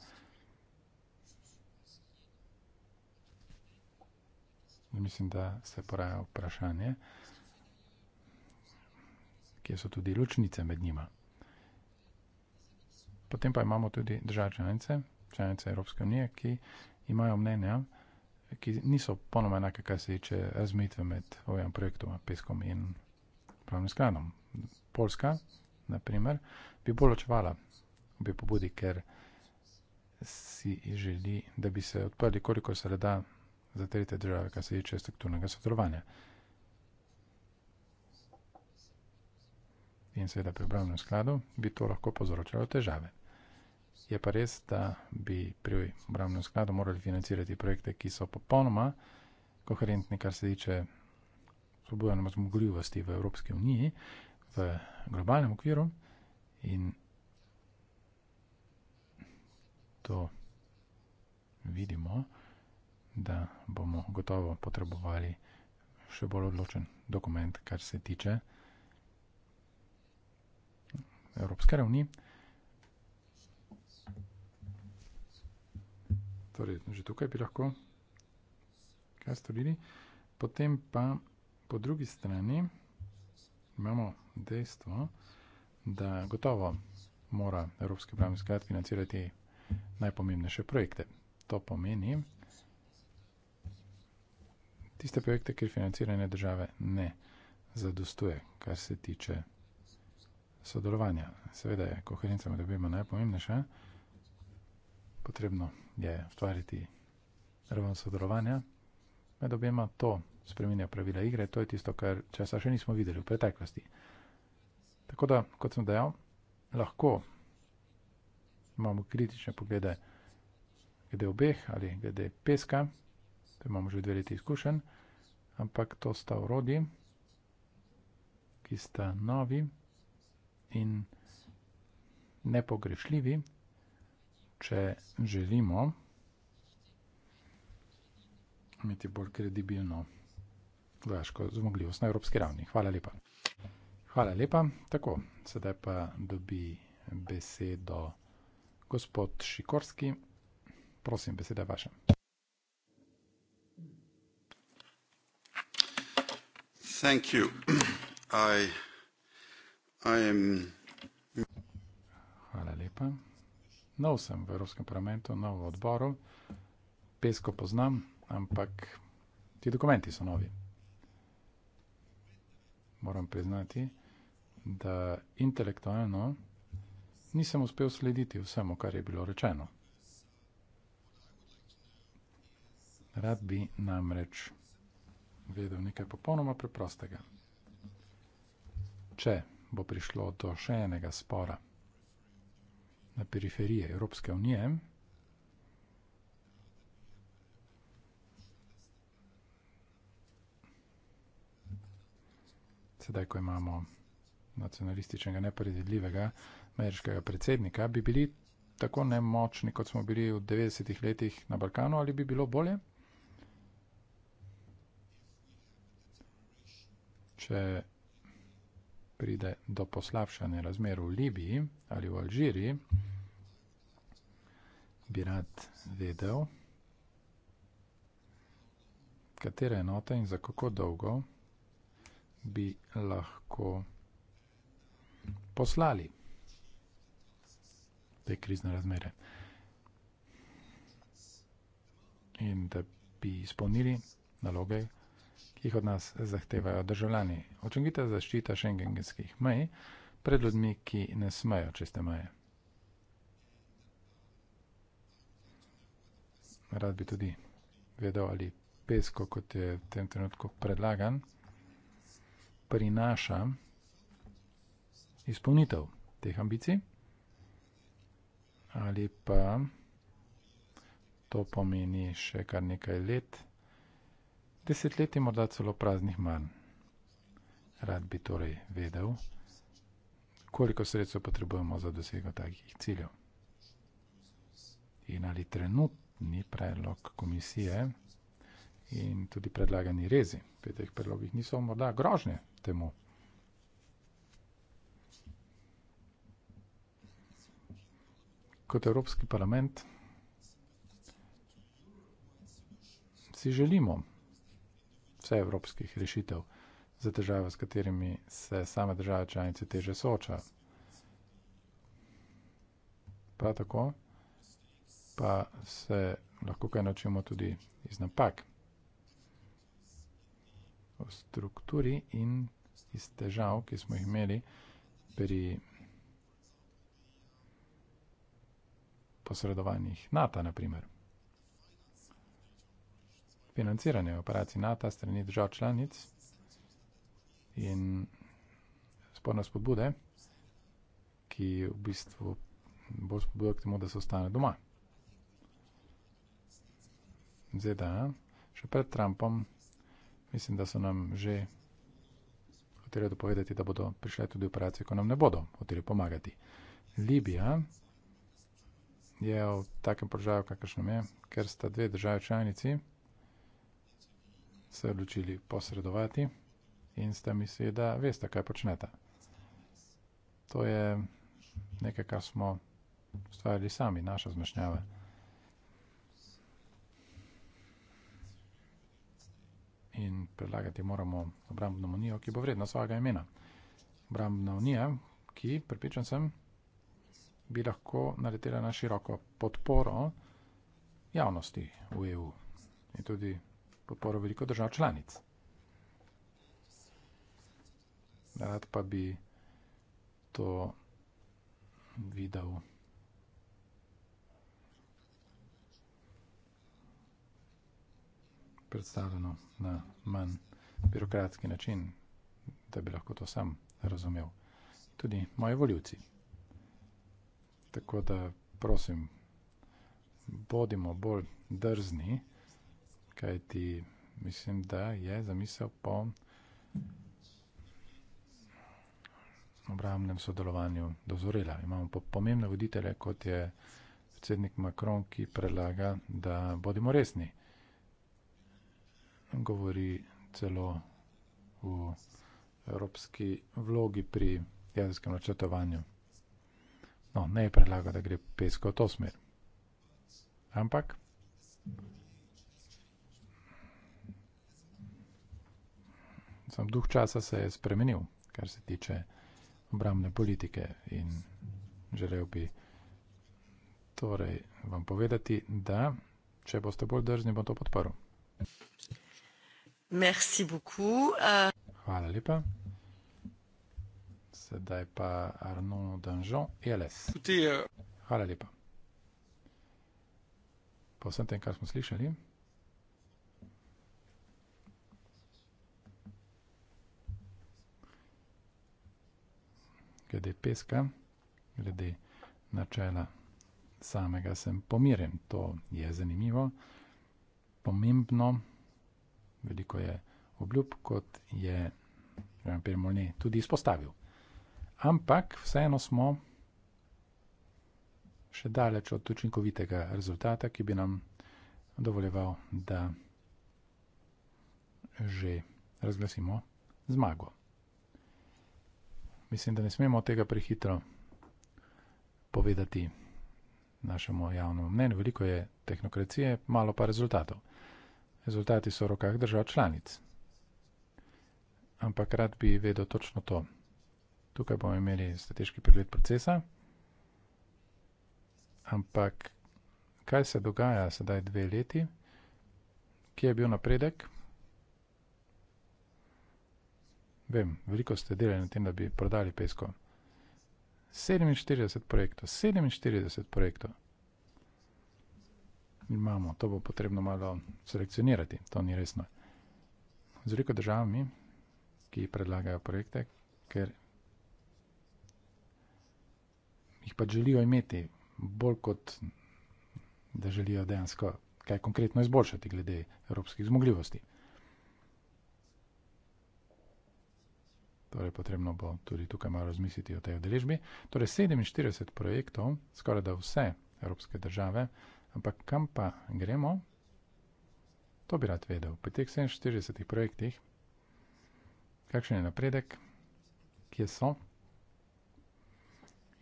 Mislim, da se poraja vprašanje, kje so tudi ločnice med njima. Potem pa imamo tudi države članice, članice Evropske unije, ki imajo mnenja ki niso ponoma enake, kar se tiče razmitve med ovim projektom, peskom in pravnim skladom. Polska, na primer, bi bolj očevala obi pobudi, ker si želi, da bi se odprli koliko se le da za tretje države, kar se tiče strukturnega sodelovanja. In seveda pri pravnem skladu bi to lahko povzročalo težave. Je pa res, da bi pri obramnem skladu morali financirati projekte, ki so popolnoma koherentni, kar se tiče spodbujanja zmogljivosti v Evropski uniji, v globalnem okviru in to vidimo, da bomo gotovo potrebovali še bolj odločen dokument, kar se tiče Evropske ravni. torej že tukaj bi lahko kaj storili. Potem pa po drugi strani imamo dejstvo, da gotovo mora Evropski pravni sklad financirati najpomembnejše projekte. To pomeni tiste projekte, kjer financiranje države ne zadostuje, kar se tiče sodelovanja. Seveda je koherenca med obima najpomembnejša potrebno je ustvariti raven sodelovanja med objema. To spreminja pravila igre, to je tisto, kar časa še nismo videli v preteklosti. Tako da, kot sem dejal, lahko imamo kritične poglede glede obeh ali glede peska, to imamo že dve leti izkušen, ampak to sta urodi, ki sta novi in nepogrešljivi, če želimo imeti bolj kredibilno vojaško zmogljivost na evropski ravni. Hvala lepa. Hvala lepa. Tako, sedaj pa dobi besedo gospod Šikorski. Prosim, beseda je vaša. Thank you. I, I am... Hvala lepa nov sem v Evropskem parlamentu, nov v odboru, pesko poznam, ampak ti dokumenti so novi. Moram priznati, da intelektualno nisem uspel slediti vsemu, kar je bilo rečeno. Rad bi namreč vedel nekaj popolnoma preprostega. Če bo prišlo do še enega spora, na periferije Evropske unije. Sedaj, ko imamo nacionalističnega nepredvidljivega ameriškega predsednika, bi bili tako nemočni, kot smo bili v 90-ih letih na Balkanu, ali bi bilo bolje? Če pride do poslabšanja razmer v Libiji ali v Alžiriji, bi rad vedel, katere enote in za kako dolgo bi lahko poslali te krizne razmere. In da bi izpolnili naloge, ki jih od nas zahtevajo državljani. Očengite zaščita šengenskih mej pred ljudmi, ki ne smejo čez te meje. rad bi tudi vedel, ali pesko, kot je v tem trenutku predlagan, prinaša izpolnitev teh ambicij, ali pa to pomeni še kar nekaj let, desetletji morda celo praznih manj. Rad bi torej vedel, koliko sredstva potrebujemo za dosego takih ciljev. In ali trenutno, ni predlog komisije in tudi predlagani rezi pri teh predlogih niso morda grožnje temu. Kot Evropski parlament si želimo vse evropskih rešitev za države, s katerimi se same države članice teže soča. Prav tako pa se lahko kaj naučimo tudi iz napak o strukturi in iz težav, ki smo jih imeli pri posredovanjih NATO, naprimer. Financiranje operacij NATO strani držav članic in sporno spodbude, ki v bistvu bolj spodbuja k temu, da se ostane doma. ZDA, še pred Trumpom, mislim, da so nam že hoteli dopovedati, da bodo prišle tudi operacije, ko nam ne bodo hoteli pomagati. Libija je v takem položaju, kakršnem je, ker sta dve države članici se odločili posredovati in sta mislili, da veste, kaj počnete. To je nekaj, kar smo ustvarili sami, naša zmešnjava. Mm -hmm. in predlagati moramo obrambno unijo, ki bo vredna svojega imena. Obrambna unija, ki, pripričan sem, bi lahko naletela na široko podporo javnosti v EU in tudi podporo veliko držav članic. Rad pa bi to videl. predstavljeno na manj birokratski način, da bi lahko to sam razumel. Tudi moji voljivci. Tako da prosim, bodimo bolj drzni, kajti mislim, da je zamisel po obramnem sodelovanju dozorela. Imamo pomembne voditele, kot je predsednik Macron, ki predlaga, da bodimo resni govori celo v evropski vlogi pri jezikskem načrtovanju. No, ne je predlagal, da gre pesko v to smer. Ampak sam duh časa se je spremenil, kar se tiče obramne politike in želel bi torej vam povedati, da če boste bolj drzni, bom to podporil. Merci beaucoup. Uh... Hvala lepa. Sedaj pa Arno Danžon, ELS. Tudi, uh... Hvala lepa. Po vsem tem, kar smo slišali. Glede peska, glede načela samega, sem pomirjen. To je zanimivo, pomembno veliko je obljub, kot je Jean-Pierre Molnet tudi izpostavil. Ampak vseeno smo še daleč od učinkovitega rezultata, ki bi nam dovoljeval, da že razglasimo zmago. Mislim, da ne smemo tega prehitro povedati našemu javnemu mnenju. Veliko je tehnokracije, malo pa rezultatov. Rezultati so v rokah držav članic. Ampak rad bi vedel točno to. Tukaj bomo imeli strateški pregled procesa. Ampak kaj se dogaja sedaj dve leti? Kje je bil napredek? Vem, veliko ste delali na tem, da bi prodali pesko. 47 projektov, 47 projektov imamo, to bo potrebno malo selekcionirati, to ni resno. Z veliko državami, ki predlagajo projekte, ker jih pa želijo imeti, bolj kot da želijo dejansko kaj konkretno izboljšati glede evropskih zmogljivosti. Torej, potrebno bo tudi tukaj malo razmisliti o tej odeležbi. Torej, 47 projektov, skoraj da vse evropske države Ampak kam pa gremo? To bi rad vedel. Po teh 47 projektih, kakšen je napredek, kje so.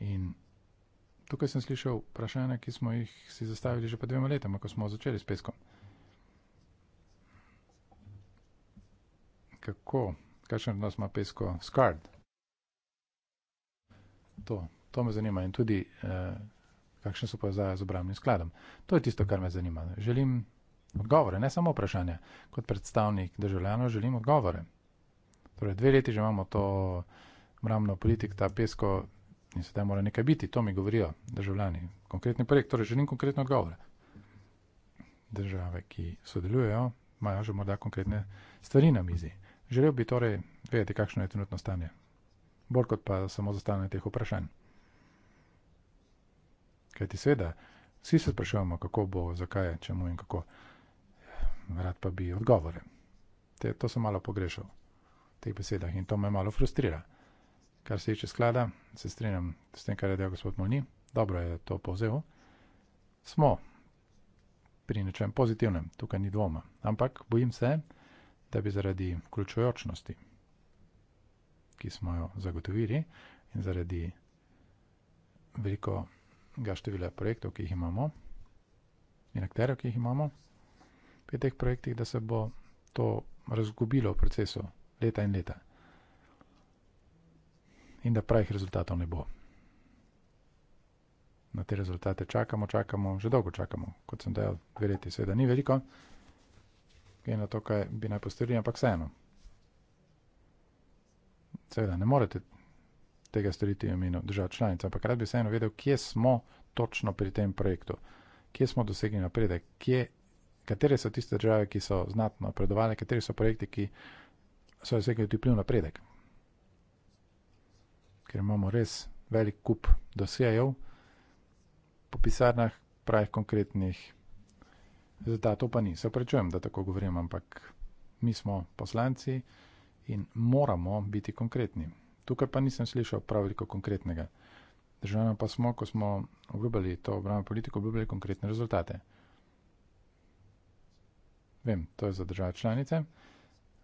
In tukaj sem slišal vprašanja, ki smo jih si zastavili že pa dvema letoma, ko smo začeli s peskom. Kako, kakšen odnos ima pesko skard? To, to me zanima in tudi. Uh, kakšne so povezave z obramnim skladom. To je tisto, kar me zanima. Želim odgovore, ne samo vprašanja. Kot predstavnik državljanov želim odgovore. Torej, dve leti že imamo to obramno politik, ta pesko in sedaj mora nekaj biti. To mi govorijo državljani. Konkretni projekt, torej želim konkretne odgovore. Države, ki sodelujejo, imajo že morda konkretne stvari na mizi. Želel bi torej vedeti, kakšno je trenutno stanje. Bolj kot pa samo zastavljanje teh vprašanj. Kaj ti seveda, vsi se sprašujemo, kako bo, zakaj, čemu in kako. Rad pa bi odgovore. Te, to sem malo pogrešal v teh besedah in to me malo frustrira. Kar se tiče sklada, se strinjam s tem, kar je dejal gospod Molni, dobro je to povzel. Smo pri nečem pozitivnem, tukaj ni dvoma. Ampak bojim se, da bi zaradi vključujočnosti, ki smo jo zagotovili in zaradi veliko ga števila projektov, ki jih imamo, in akterjev, ki jih imamo, pri teh projektih, da se bo to razgubilo v procesu leta in leta. In da pravih rezultatov ne bo. Na te rezultate čakamo, čakamo, že dolgo čakamo, kot sem dejal, dve leti, seveda ni veliko, in na to, kaj bi naj postorili, ampak vseeno. Seveda, ne morete tega storiti v imenu držav članic, ampak rad bi vseeno vedel, kje smo točno pri tem projektu, kje smo dosegli napredek, kje, katere so tiste države, ki so znatno napredovali, kateri so projekti, ki so dosegli tudi pliv napredek. Ker imamo res velik kup dosejev po pisarnah pravih konkretnih rezultatov, pa ni. Se prečujem, da tako govorim, ampak mi smo poslanci in moramo biti konkretni. Tukaj pa nisem slišal prav veliko konkretnega. Državljanom pa smo, ko smo obljubili to obrambno politiko, obljubili konkretne rezultate. Vem, to je za države članice,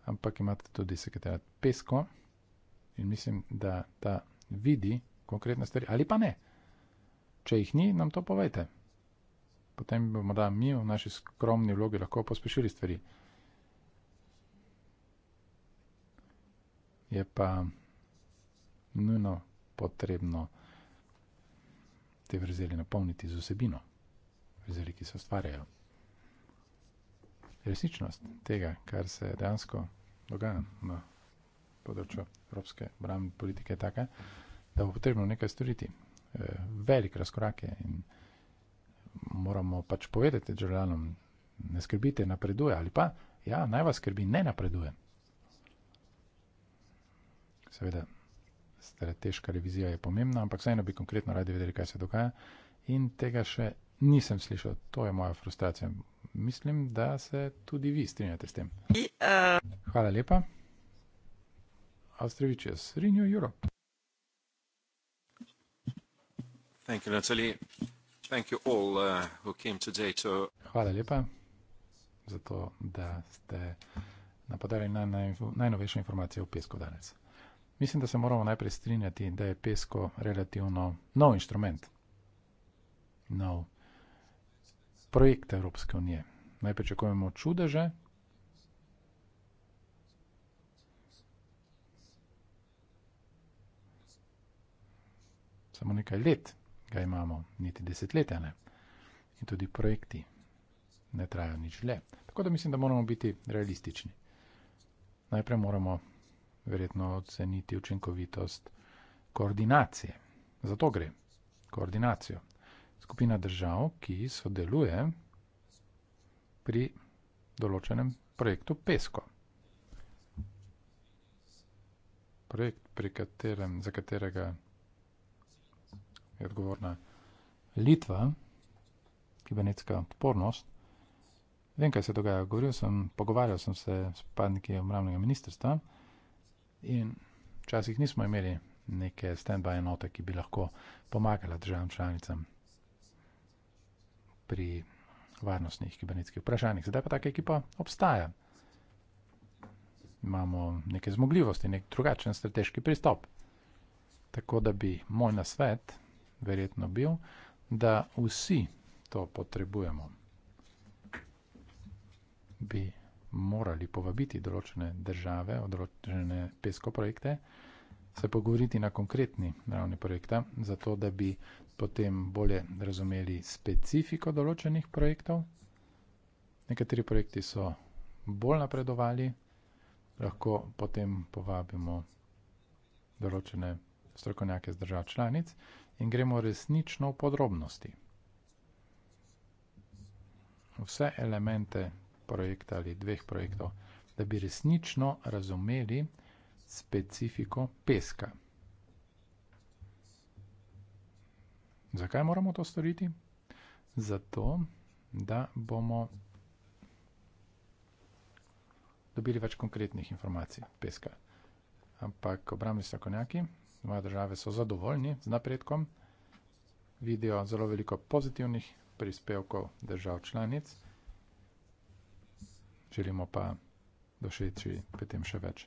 ampak imate tudi sekretarat Pesko in mislim, da ta vidi konkretne stvari ali pa ne. Če jih ni, nam to povejte. Potem bomo da mi v naši skromni vlogi lahko pospešili stvari. Je pa nujno potrebno te vrzeli napolniti z osebino, vrzeli, ki se ustvarjajo. Resničnost tega, kar se dejansko dogaja na področju evropske obrambne politike, je taka, da bo potrebno nekaj storiti. E, velik razkorak je in moramo pač povedati državljanom, ne skrbite, napreduje ali pa, ja, naj vas skrbi, ne napreduje. Seveda, strateška revizija je pomembna, ampak vseeno bi konkretno radi vedeli, kaj se dogaja. In tega še nisem slišal. To je moja frustracija. Mislim, da se tudi vi strinjate s tem. Eh, Hvala lepa. Avstrijič je srinjo Evropo. Uh, Hvala lepa za to, da ste napadali na najnovejše informacije o pesku danes. Mislim, da se moramo najprej strinjati, da je pesko relativno nov inštrument, nov projekt Evropske unije. Najprej čakujemo čudeže, samo nekaj let ga imamo, niti desetletja ne. In tudi projekti ne trajajo nič le. Tako da mislim, da moramo biti realistični. Najprej moramo verjetno oceniti učinkovitost koordinacije. Zato gre koordinacijo. Skupina držav, ki sodeluje pri določenem projektu PESCO. Projekt, pri katerem, za katerega je odgovorna Litva, kibernetska odpornost. Vem, kaj se dogaja. Govoril sem, pogovarjal sem se s predniki obramnega ministrstva in včasih nismo imeli neke stand-by enote, ki bi lahko pomagala državam članicam pri varnostnih kibernetskih vprašanjih. Zdaj pa taka ekipa obstaja. Imamo neke zmogljivosti, nek drugačen strateški pristop. Tako da bi moj nasvet verjetno bil, da vsi to potrebujemo. Bi morali povabiti določene države, določene pesko projekte, se pogovoriti na konkretni ravni projekta, zato da bi potem bolje razumeli specifiko določenih projektov. Nekateri projekti so bolj napredovali, lahko potem povabimo določene strokovnjake z držav članic in gremo resnično v podrobnosti. Vse elemente projekta ali dveh projektov, da bi resnično razumeli specifiko peska. Zakaj moramo to storiti? Zato, da bomo dobili več konkretnih informacij peska. Ampak obramni strokovnjaki moje države so zadovoljni z napredkom, vidijo zelo veliko pozitivnih prispevkov držav članic želimo pa doseči potem še več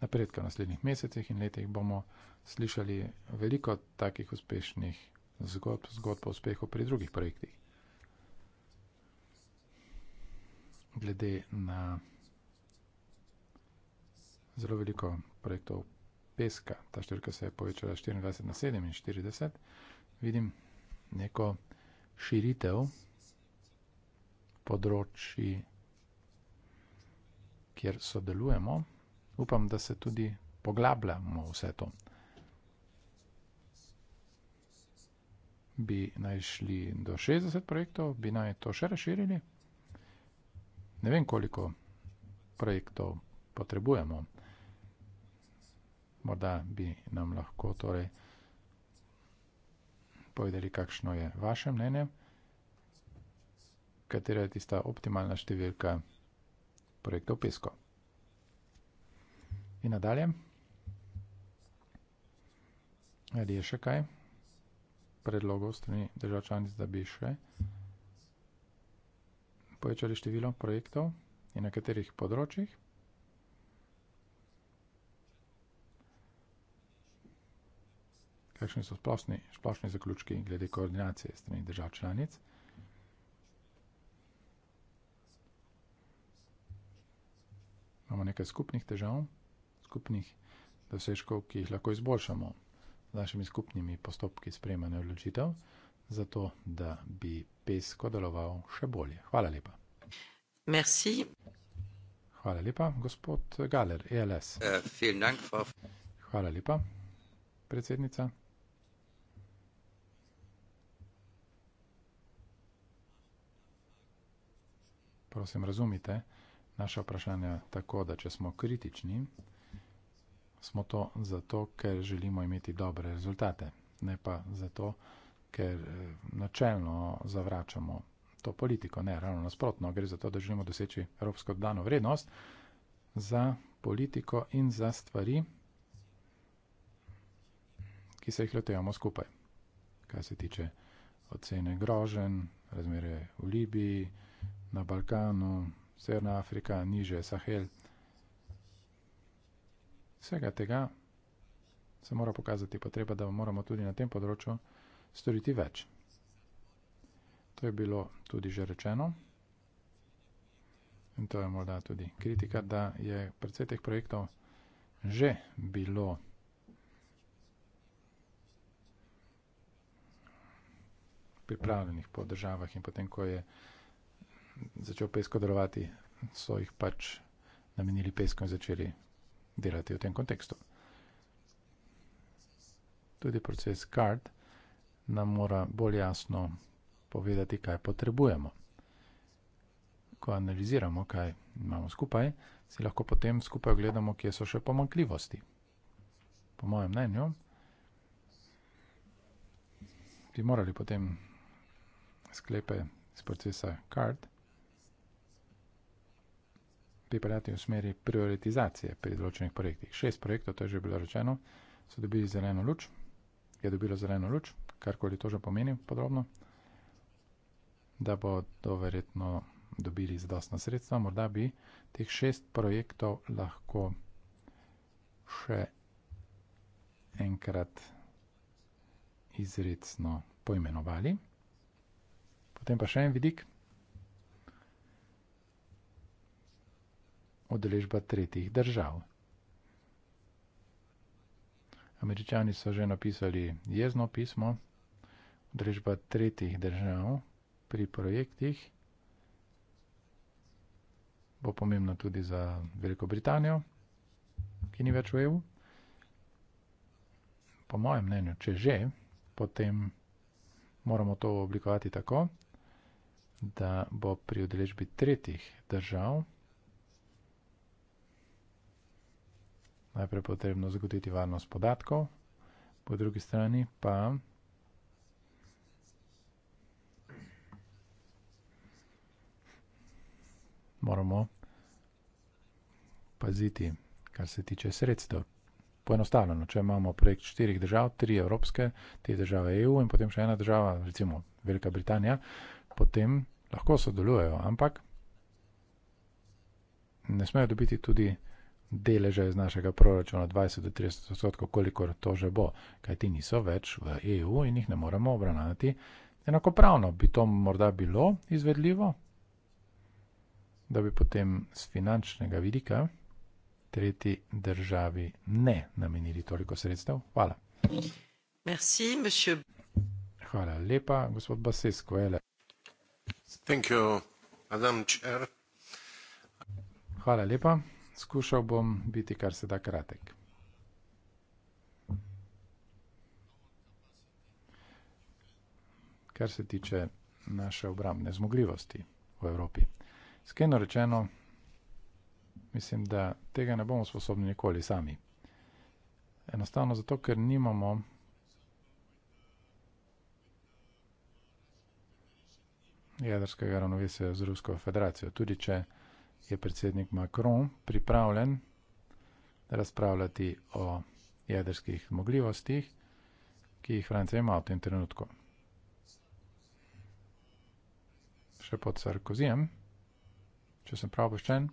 napredka v naslednjih mesecih in letih. Bomo slišali veliko takih uspešnih zgodb, zgodb o uspehu pri drugih projektih. Glede na zelo veliko projektov peska, ta številka se je povečala 24 na 47, vidim neko širitev področji kjer sodelujemo. Upam, da se tudi poglabljamo vse to. Bi naj šli do 60 projektov, bi naj to še razširili. Ne vem, koliko projektov potrebujemo. Morda bi nam lahko torej povedali, kakšno je vaše mnenje, katera je tista optimalna številka projektov Pesko. In nadalje. Ali je še kaj predlogov strani držav članic, da bi še povečali število projektov in na katerih področjih? Kakšni so splošni, splošni zaključki glede koordinacije strani držav članic? imamo nekaj skupnih težav, skupnih dosežkov, ki jih lahko izboljšamo z našimi skupnimi postopki sprejemanja odločitev, zato da bi pesko deloval še bolje. Hvala lepa. Merci. Hvala lepa, gospod Galer, e eh, ELS. Hvala lepa, predsednica. Prosim, razumite naša vprašanja tako, da če smo kritični, smo to zato, ker želimo imeti dobre rezultate, ne pa zato, ker eh, načelno zavračamo to politiko. Ne, ravno nasprotno, gre za to, da želimo doseči evropsko dano vrednost za politiko in za stvari, ki se jih lotevamo skupaj. Kaj se tiče ocene grožen, razmere v Libiji, na Balkanu, Severna Afrika, niže Sahel. Vsega tega se mora pokazati potreba, da moramo tudi na tem področju storiti več. To je bilo tudi že rečeno in to je morda tudi kritika, da je predvsej teh projektov že bilo pripravljenih po državah in potem, ko je vsega, začel pesko darovati, so jih pač namenili peskom in začeli delati v tem kontekstu. Tudi proces kart nam mora bolj jasno povedati, kaj potrebujemo. Ko analiziramo, kaj imamo skupaj, si lahko potem skupaj ogledamo, kje so še pomankljivosti. Po mojem mnenju, bi morali potem sklepe iz procesa kart pripeljati v smeri prioritizacije pri določenih projektih. Šest projektov, to je že bilo rečeno, so dobili zeleno luč, je dobilo zeleno luč, karkoli to že pomeni podrobno, da bo to verjetno dobili zadostna sredstva, morda bi teh šest projektov lahko še enkrat izredno poimenovali. Potem pa še en vidik, odeležba tretjih držav. Američani so že napisali jezno pismo, odeležba tretjih držav pri projektih bo pomembna tudi za Veliko Britanijo, ki ni več v EU. Po mojem mnenju, če že, potem moramo to oblikovati tako, da bo pri odeležbi tretjih držav, najprej potrebno zagotoviti varnost podatkov, po drugi strani pa moramo paziti, kar se tiče sredstev. Poenostavljeno, če imamo projekt štirih držav, tri evropske, te države EU in potem še ena država, recimo Velika Britanija, potem lahko sodelujejo, ampak ne smejo dobiti tudi deleže iz našega proračuna 20 do 30 odstotkov, kolikor to že bo, kajti niso več v EU in jih ne moremo obravnavati enakopravno. Bi to morda bilo izvedljivo, da bi potem z finančnega vidika tretji državi ne namenili toliko sredstev? Hvala. Merci, Hvala lepa, gospod Basesko. Hvala lepa. Skušal bom biti kar se da kratek. Kar se tiče naše obrambne zmogljivosti v Evropi. Skeno rečeno, mislim, da tega ne bomo sposobni nikoli sami. Enostavno zato, ker nimamo jedrskega ravnovesja z Rusko federacijo. Tudi če je predsednik Macron pripravljen razpravljati o jedrskih zmogljivostih, ki jih Francija ima v tem trenutku. Še pod Sarkozijem, če sem prav poščen,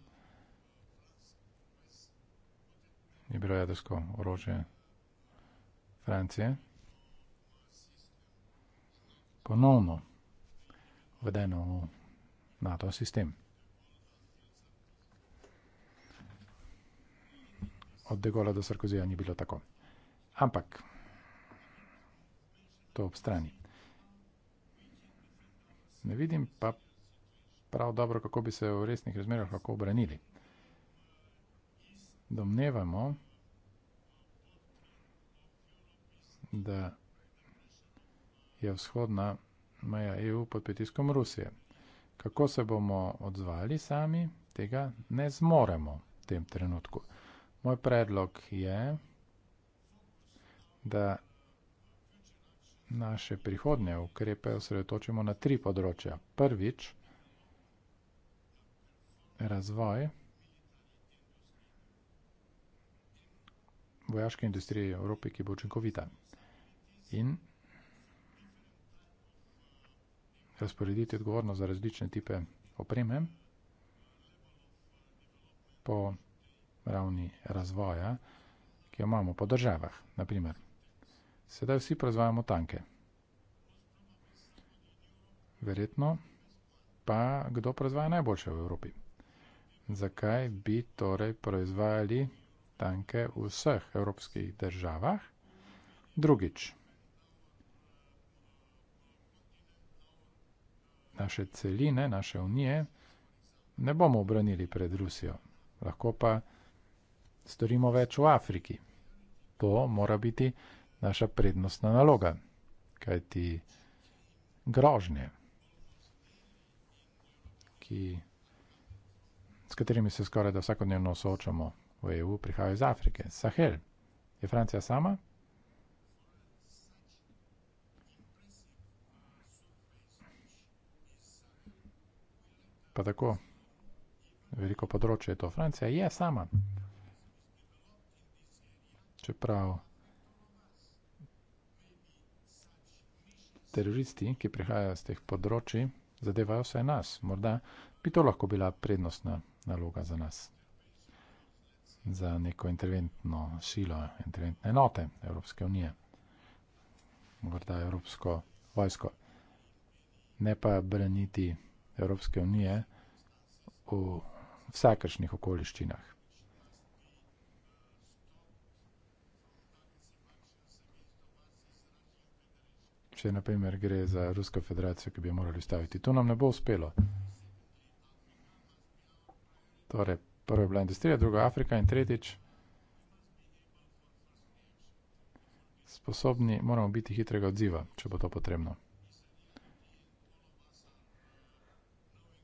je bilo jedrsko orožje Francije. Ponovno uvedeno v NATO sistem. od De Gola do Sarkozija ni bilo tako. Ampak to ob strani. Ne vidim pa prav dobro, kako bi se v resnih razmerah lahko obranili. Domnevamo, da je vzhodna meja EU pod pritiskom Rusije. Kako se bomo odzvali sami, tega ne zmoremo v tem trenutku. Moj predlog je, da naše prihodnje ukrepe osredotočimo na tri področja. Prvič, razvoj vojaške industrije Evropi, ki bo učinkovita in razporediti odgovorno za različne tipe opreme po vsega ravni razvoja, ki jo imamo po državah. Naprimer, sedaj vsi proizvajamo tanke. Verjetno pa kdo proizvaja najboljše v Evropi. Zakaj bi torej proizvajali tanke v vseh evropskih državah? Drugič, naše celine, naše unije ne bomo obranili pred Rusijo. Lahko pa storimo več v Afriki. To mora biti naša prednostna naloga, kajti grožnje, ki, s katerimi se skoraj da vsakodnevno soočamo v EU, prihajajo iz Afrike. Sahel, je Francija sama? Pa tako, veliko področje je to. Francija je sama čeprav teroristi, ki prihajajo z teh področji, zadevajo vse nas. Morda bi to lahko bila prednostna naloga za nas, za neko interventno silo, interventne enote Evropske unije, morda Evropsko vojsko. Ne pa braniti Evropske unije v vsakršnih okoliščinah. če naprimer gre za Rusko federacijo, ki bi jo morali ustaviti. To nam ne bo uspelo. Torej, prvo je bila industrija, druga Afrika in tretjič. Sposobni moramo biti hitrega odziva, če bo to potrebno.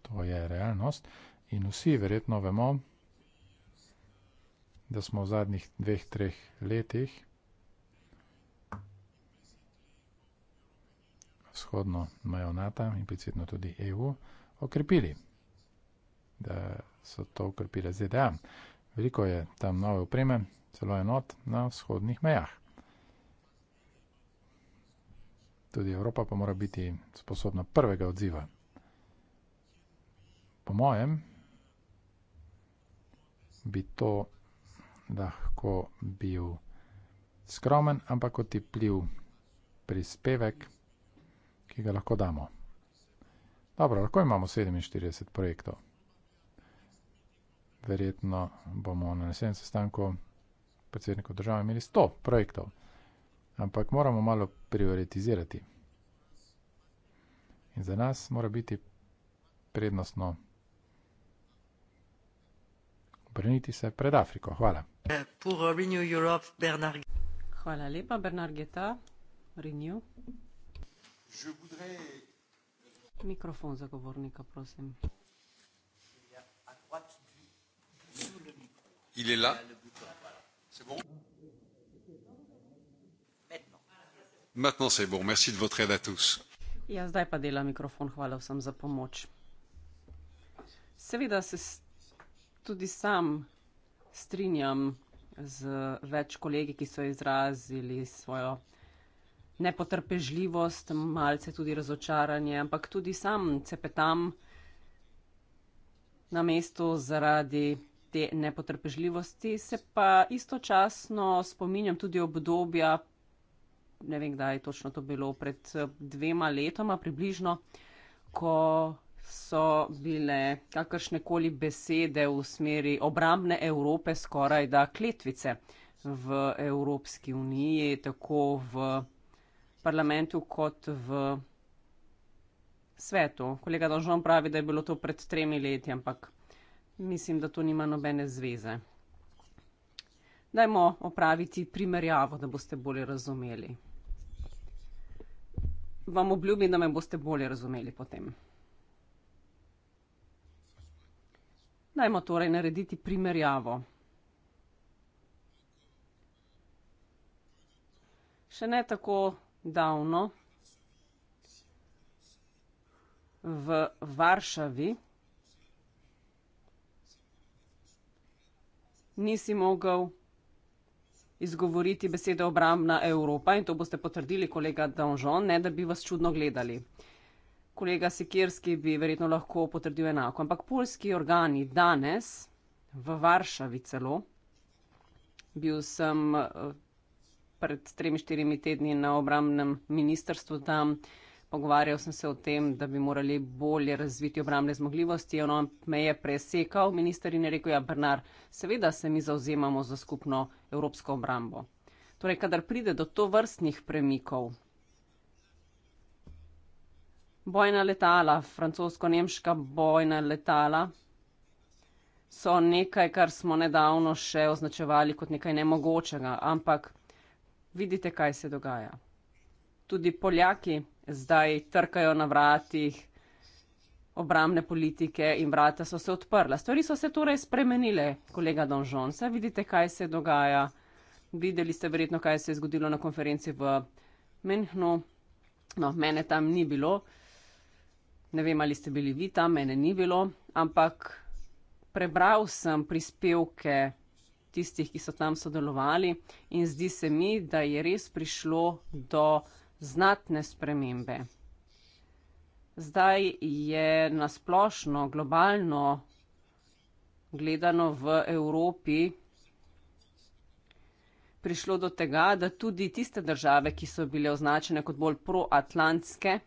To je realnost in vsi verjetno vemo, da smo v zadnjih dveh, treh letih vzhodno mejo NATO, implicitno tudi EU, okrepili. Da so to okrepile ZDA. Veliko je tam nove opreme, celo enot na vzhodnih mejah. Tudi Evropa pa mora biti sposobna prvega odziva. Po mojem, bi to lahko bil skromen, ampak otipljiv prispevek ki ga lahko damo. Dobro, lahko imamo 47 projektov. Verjetno bomo na naslednjem sestanku predsednikov države imeli 100 projektov, ampak moramo malo prioritizirati. In za nas mora biti prednostno obrniti se pred Afriko. Hvala. Uh, Hvala lepa, Bernard Geta. Renew. Je voudrais... Mikrofon zagovornika, prosim. Il est là. C'est bon Maintenant c'est bon. Merci de votre aide à tous. Ja, zdaj pa dela mikrofon. Hvala vsem za pomoč. Seveda se tudi sam strinjam z več kolegi, ki so izrazili svojo nepotrpežljivost, malce tudi razočaranje, ampak tudi sam cepetam na mestu zaradi te nepotrpežljivosti. Se pa istočasno spominjam tudi obdobja, ne vem, kdaj je točno to bilo, pred eh, dvema letoma približno, ko so bile kakršne koli besede v smeri obrambne Evrope skoraj da kletvice v Evropski uniji, tako v parlamentu kot v svetu. Kolega Donžon pravi, da je bilo to pred tremi leti, ampak mislim, da to nima nobene zveze. Dajmo opraviti primerjavo, da boste bolje razumeli. Vam obljubim, da me boste bolje razumeli potem. Dajmo torej narediti primerjavo. Še ne tako davno v Varšavi nisi mogel izgovoriti besede obrambna Evropa in to boste potrdili, kolega Donžon, ne da bi vas čudno gledali. Kolega Sikirski bi verjetno lahko potrdil enako, ampak polski organi danes v Varšavi celo, bil sem eh, pred tremi, štirimi tedni na obramnem ministrstvu tam. Pogovarjal sem se o tem, da bi morali bolje razviti obramne zmogljivosti. Ono me je presekal minister in je rekel, ja, Bernar, seveda se mi zauzemamo za skupno evropsko obrambo. Torej, kadar pride do to vrstnih premikov, bojna letala, francosko-nemška bojna letala, so nekaj, kar smo nedavno še označevali kot nekaj nemogočega, ampak vidite, kaj se dogaja. Tudi Poljaki zdaj trkajo na vratih obramne politike in vrata so se odprla. Stvari so se torej spremenile, kolega Donžonsa. Vidite, kaj se dogaja. Videli ste verjetno, kaj se je zgodilo na konferenci v Menhnu. No, mene tam ni bilo. Ne vem, ali ste bili vi tam, mene ni bilo. Ampak prebral sem prispevke tistih, ki so tam sodelovali in zdi se mi, da je res prišlo do znatne spremembe. Zdaj je nasplošno, globalno gledano v Evropi prišlo do tega, da tudi tiste države, ki so bile označene kot bolj proatlantske,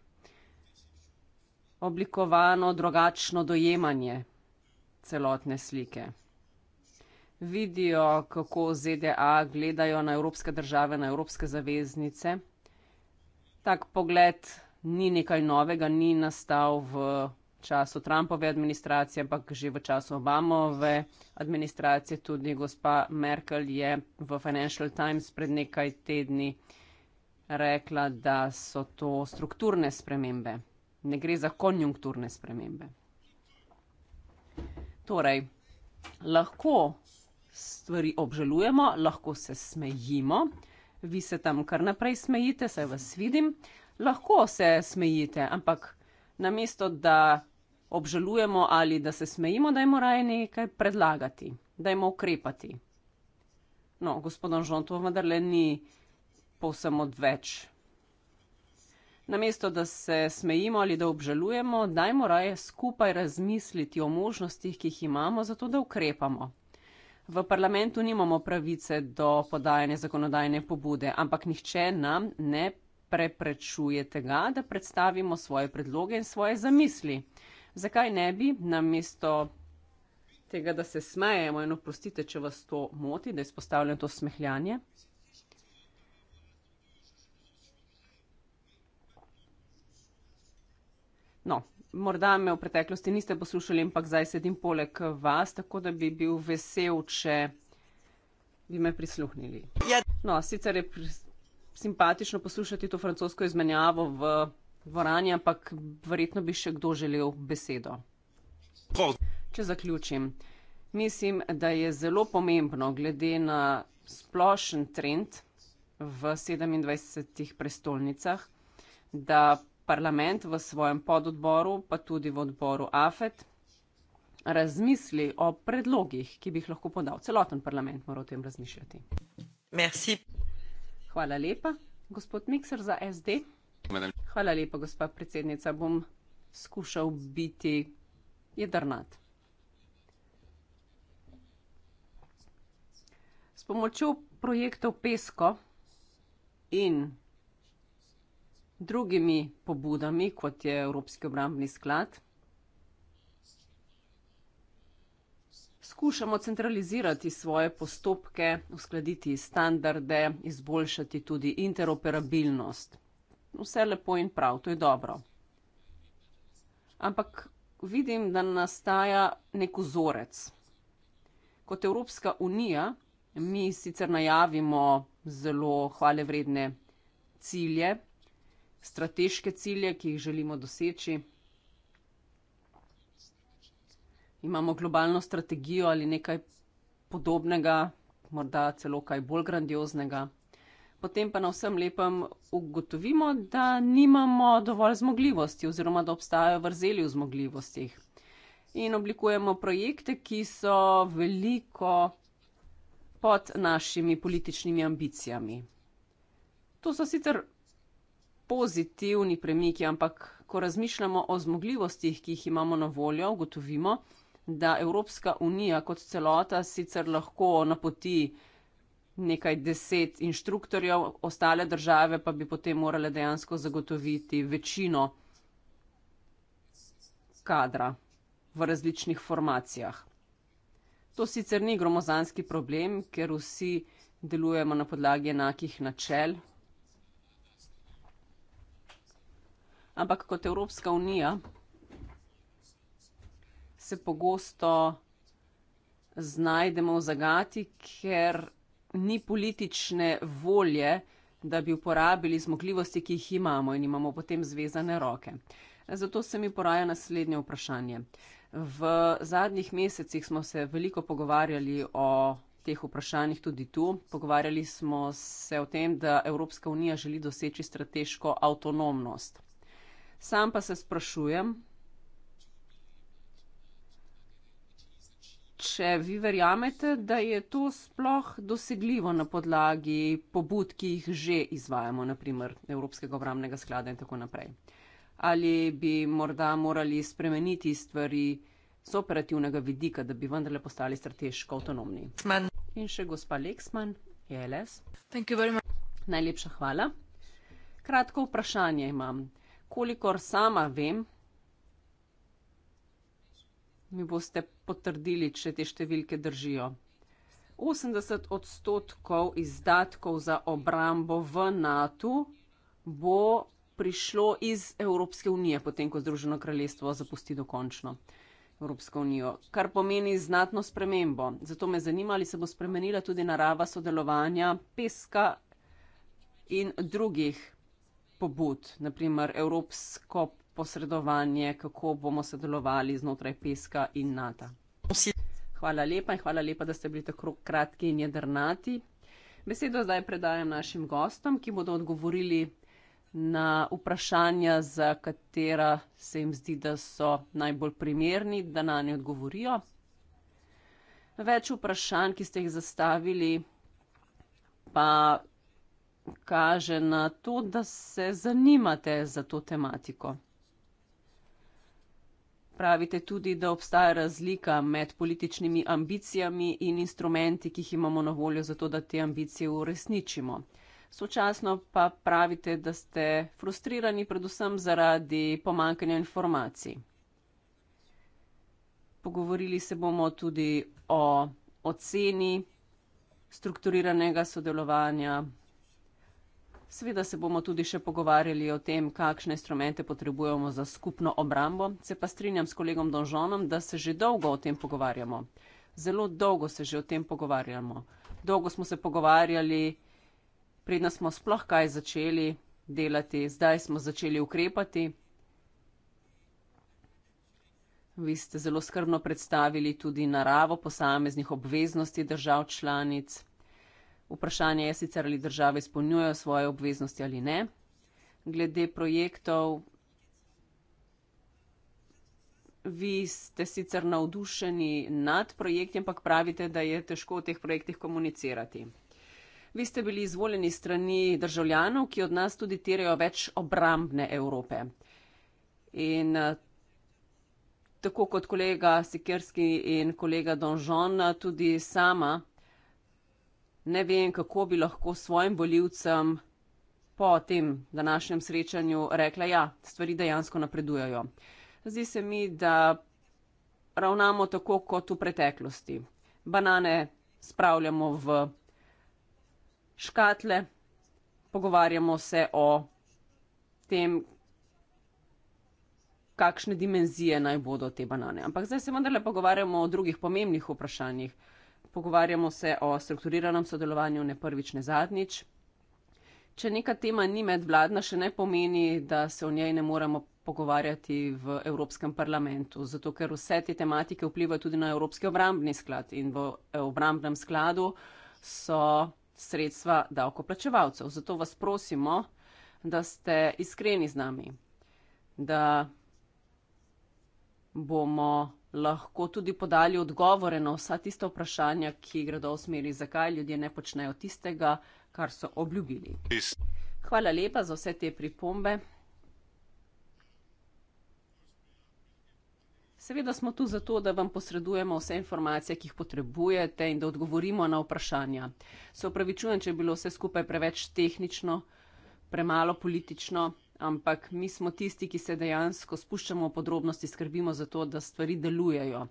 oblikovano drugačno dojemanje celotne slike vidijo, kako ZDA gledajo na evropske države, na evropske zaveznice. Tak pogled ni nekaj novega, ni nastal v času Trumpove administracije, ampak že v času Obamove administracije. Tudi gospa Merkel je v Financial Times pred nekaj tedni rekla, da so to strukturne spremembe. Ne gre za konjunkturne spremembe. Torej, lahko stvari obžalujemo, lahko se smejimo, vi se tam kar naprej smejite, saj vas vidim, lahko se smejite, ampak namesto, da obžalujemo ali da se smejimo, da imamo raje nekaj predlagati, da imamo ukrepati. No, gospodom Žontu vendarle ni povsem odveč. Namesto, da se smejimo ali da obžalujemo, dajmo raje skupaj razmisliti o možnostih, ki jih imamo, zato da ukrepamo. V parlamentu nimamo pravice do podajanja zakonodajne pobude, ampak nihče nam ne preprečuje tega, da predstavimo svoje predloge in svoje zamisli. Zakaj ne bi namesto tega, da se smejemo in oprostite, če vas to moti, da izpostavljam to smehljanje? No, Morda me v preteklosti niste poslušali, ampak zdaj sedim poleg vas, tako da bi bil vesel, če bi me prisluhnili. Ja. No, sicer je pri, simpatično poslušati to francosko izmenjavo v dvorani, ampak verjetno bi še kdo želel besedo. Če zaključim, mislim, da je zelo pomembno, glede na splošen trend v 27 prestolnicah, da parlament v svojem pododboru, pa tudi v odboru AFET, razmisli o predlogih, ki bi jih lahko podal. Celoten parlament mora o tem razmišljati. Merci. Hvala lepa, gospod Mikser za SD. Hvala lepa, gospa predsednica. Bom skušal biti jedrnat. S pomočjo projektov PESCO in drugimi pobudami, kot je Evropski obrambni sklad. Skušamo centralizirati svoje postopke, uskladiti standarde, izboljšati tudi interoperabilnost. Vse lepo in prav, to je dobro. Ampak vidim, da nastaja nek vzorec. Kot Evropska unija mi sicer najavimo zelo hvalevredne cilje strateške cilje, ki jih želimo doseči. Imamo globalno strategijo ali nekaj podobnega, morda celo kaj bolj grandioznega. Potem pa na vsem lepem ugotovimo, da nimamo dovolj zmogljivosti oziroma da obstajajo vrzeli v zmogljivostih. In oblikujemo projekte, ki so veliko pod našimi političnimi ambicijami. To so sicer pozitivni premiki, ampak ko razmišljamo o zmogljivostih, ki jih imamo na voljo, ugotovimo, da Evropska unija kot celota sicer lahko napoti nekaj deset inštruktorjev, ostale države pa bi potem morale dejansko zagotoviti večino kadra v različnih formacijah. To sicer ni gromozanski problem, ker vsi delujemo na podlagi enakih načel, ampak kot Evropska unija se pogosto znajdemo v zagati, ker ni politične volje, da bi uporabili zmogljivosti, ki jih imamo in imamo potem zvezane roke. Zato se mi poraja naslednje vprašanje. V zadnjih mesecih smo se veliko pogovarjali o teh vprašanjih tudi tu. Pogovarjali smo se o tem, da Evropska unija želi doseči strateško avtonomnost. Sam pa se sprašujem, če vi verjamete, da je to sploh dosegljivo na podlagi pobud, ki jih že izvajamo, naprimer Evropskega obramnega sklada in tako naprej. Ali bi morda morali spremeniti stvari z operativnega vidika, da bi vendarle postali strateško avtonomni. In še gospa Leksman, ELS. Najlepša hvala. Kratko vprašanje imam kolikor sama vem, mi boste potrdili, če te številke držijo. 80 odstotkov izdatkov za obrambo v NATO bo prišlo iz Evropske unije, potem ko Združeno kraljestvo zapusti dokončno Evropsko unijo, kar pomeni znatno spremembo. Zato me zanima, ali se bo spremenila tudi narava sodelovanja peska in drugih pobud, naprimer evropsko posredovanje, kako bomo sodelovali znotraj PESK-a in NATO. Hvala lepa in hvala lepa, da ste bili tako kratki in jedrnati. Besedo zdaj predajam našim gostom, ki bodo odgovorili na vprašanja, za katera se jim zdi, da so najbolj primerni, da na nje odgovorijo. Več vprašanj, ki ste jih zastavili, pa kaže na to, da se zanimate za to tematiko. Pravite tudi, da obstaja razlika med političnimi ambicijami in instrumenti, ki jih imamo na voljo za to, da te ambicije uresničimo. Sočasno pa pravite, da ste frustrirani predvsem zaradi pomankanja informacij. Pogovorili se bomo tudi o oceni strukturiranega sodelovanja, Seveda se bomo tudi še pogovarjali o tem, kakšne instrumente potrebujemo za skupno obrambo. Se pa strinjam s kolegom Donžonom, da se že dolgo o tem pogovarjamo. Zelo dolgo se že o tem pogovarjamo. Dolgo smo se pogovarjali, predna smo sploh kaj začeli delati, zdaj smo začeli ukrepati. Vi ste zelo skrbno predstavili tudi naravo posameznih obveznosti držav članic. Vprašanje je sicer, ali države izpolnjujejo svoje obveznosti ali ne. Glede projektov, vi ste sicer navdušeni nad projekti, ampak pravite, da je težko v teh projektih komunicirati. Vi ste bili izvoljeni strani državljanov, ki od nas tudi terajo več obrambne Evrope. In tako kot kolega Sikerski in kolega Donžon, tudi sama ne vem, kako bi lahko svojim voljivcem po tem današnjem srečanju rekla, da ja, stvari dejansko napredujejo. Zdi se mi, da ravnamo tako kot v preteklosti. Banane spravljamo v škatle, pogovarjamo se o tem, kakšne dimenzije naj bodo te banane. Ampak zdaj se vendarle pogovarjamo o drugih pomembnih vprašanjih pogovarjamo se o strukturiranem sodelovanju, ne prvič, ne zadnjič. Če neka tema ni medvladna, še ne pomeni, da se o njej ne moremo pogovarjati v Evropskem parlamentu, zato ker vse te tematike vplivajo tudi na Evropski obrambni sklad in v eh, obrambnem skladu so sredstva davkoplačevalcev. Zato vas prosimo, da ste iskreni z nami, da bomo lahko tudi podali odgovore na vsa tista vprašanja, ki gredo v smeri, zakaj ljudje ne počnejo tistega, kar so obljubili. Hvala lepa za vse te pripombe. Seveda smo tu zato, da vam posredujemo vse informacije, ki jih potrebujete in da odgovorimo na vprašanja. Se opravičujem, če je bilo vse skupaj preveč tehnično, premalo politično ampak mi smo tisti, ki se dejansko spuščamo v podrobnosti, skrbimo za to, da stvari delujejo.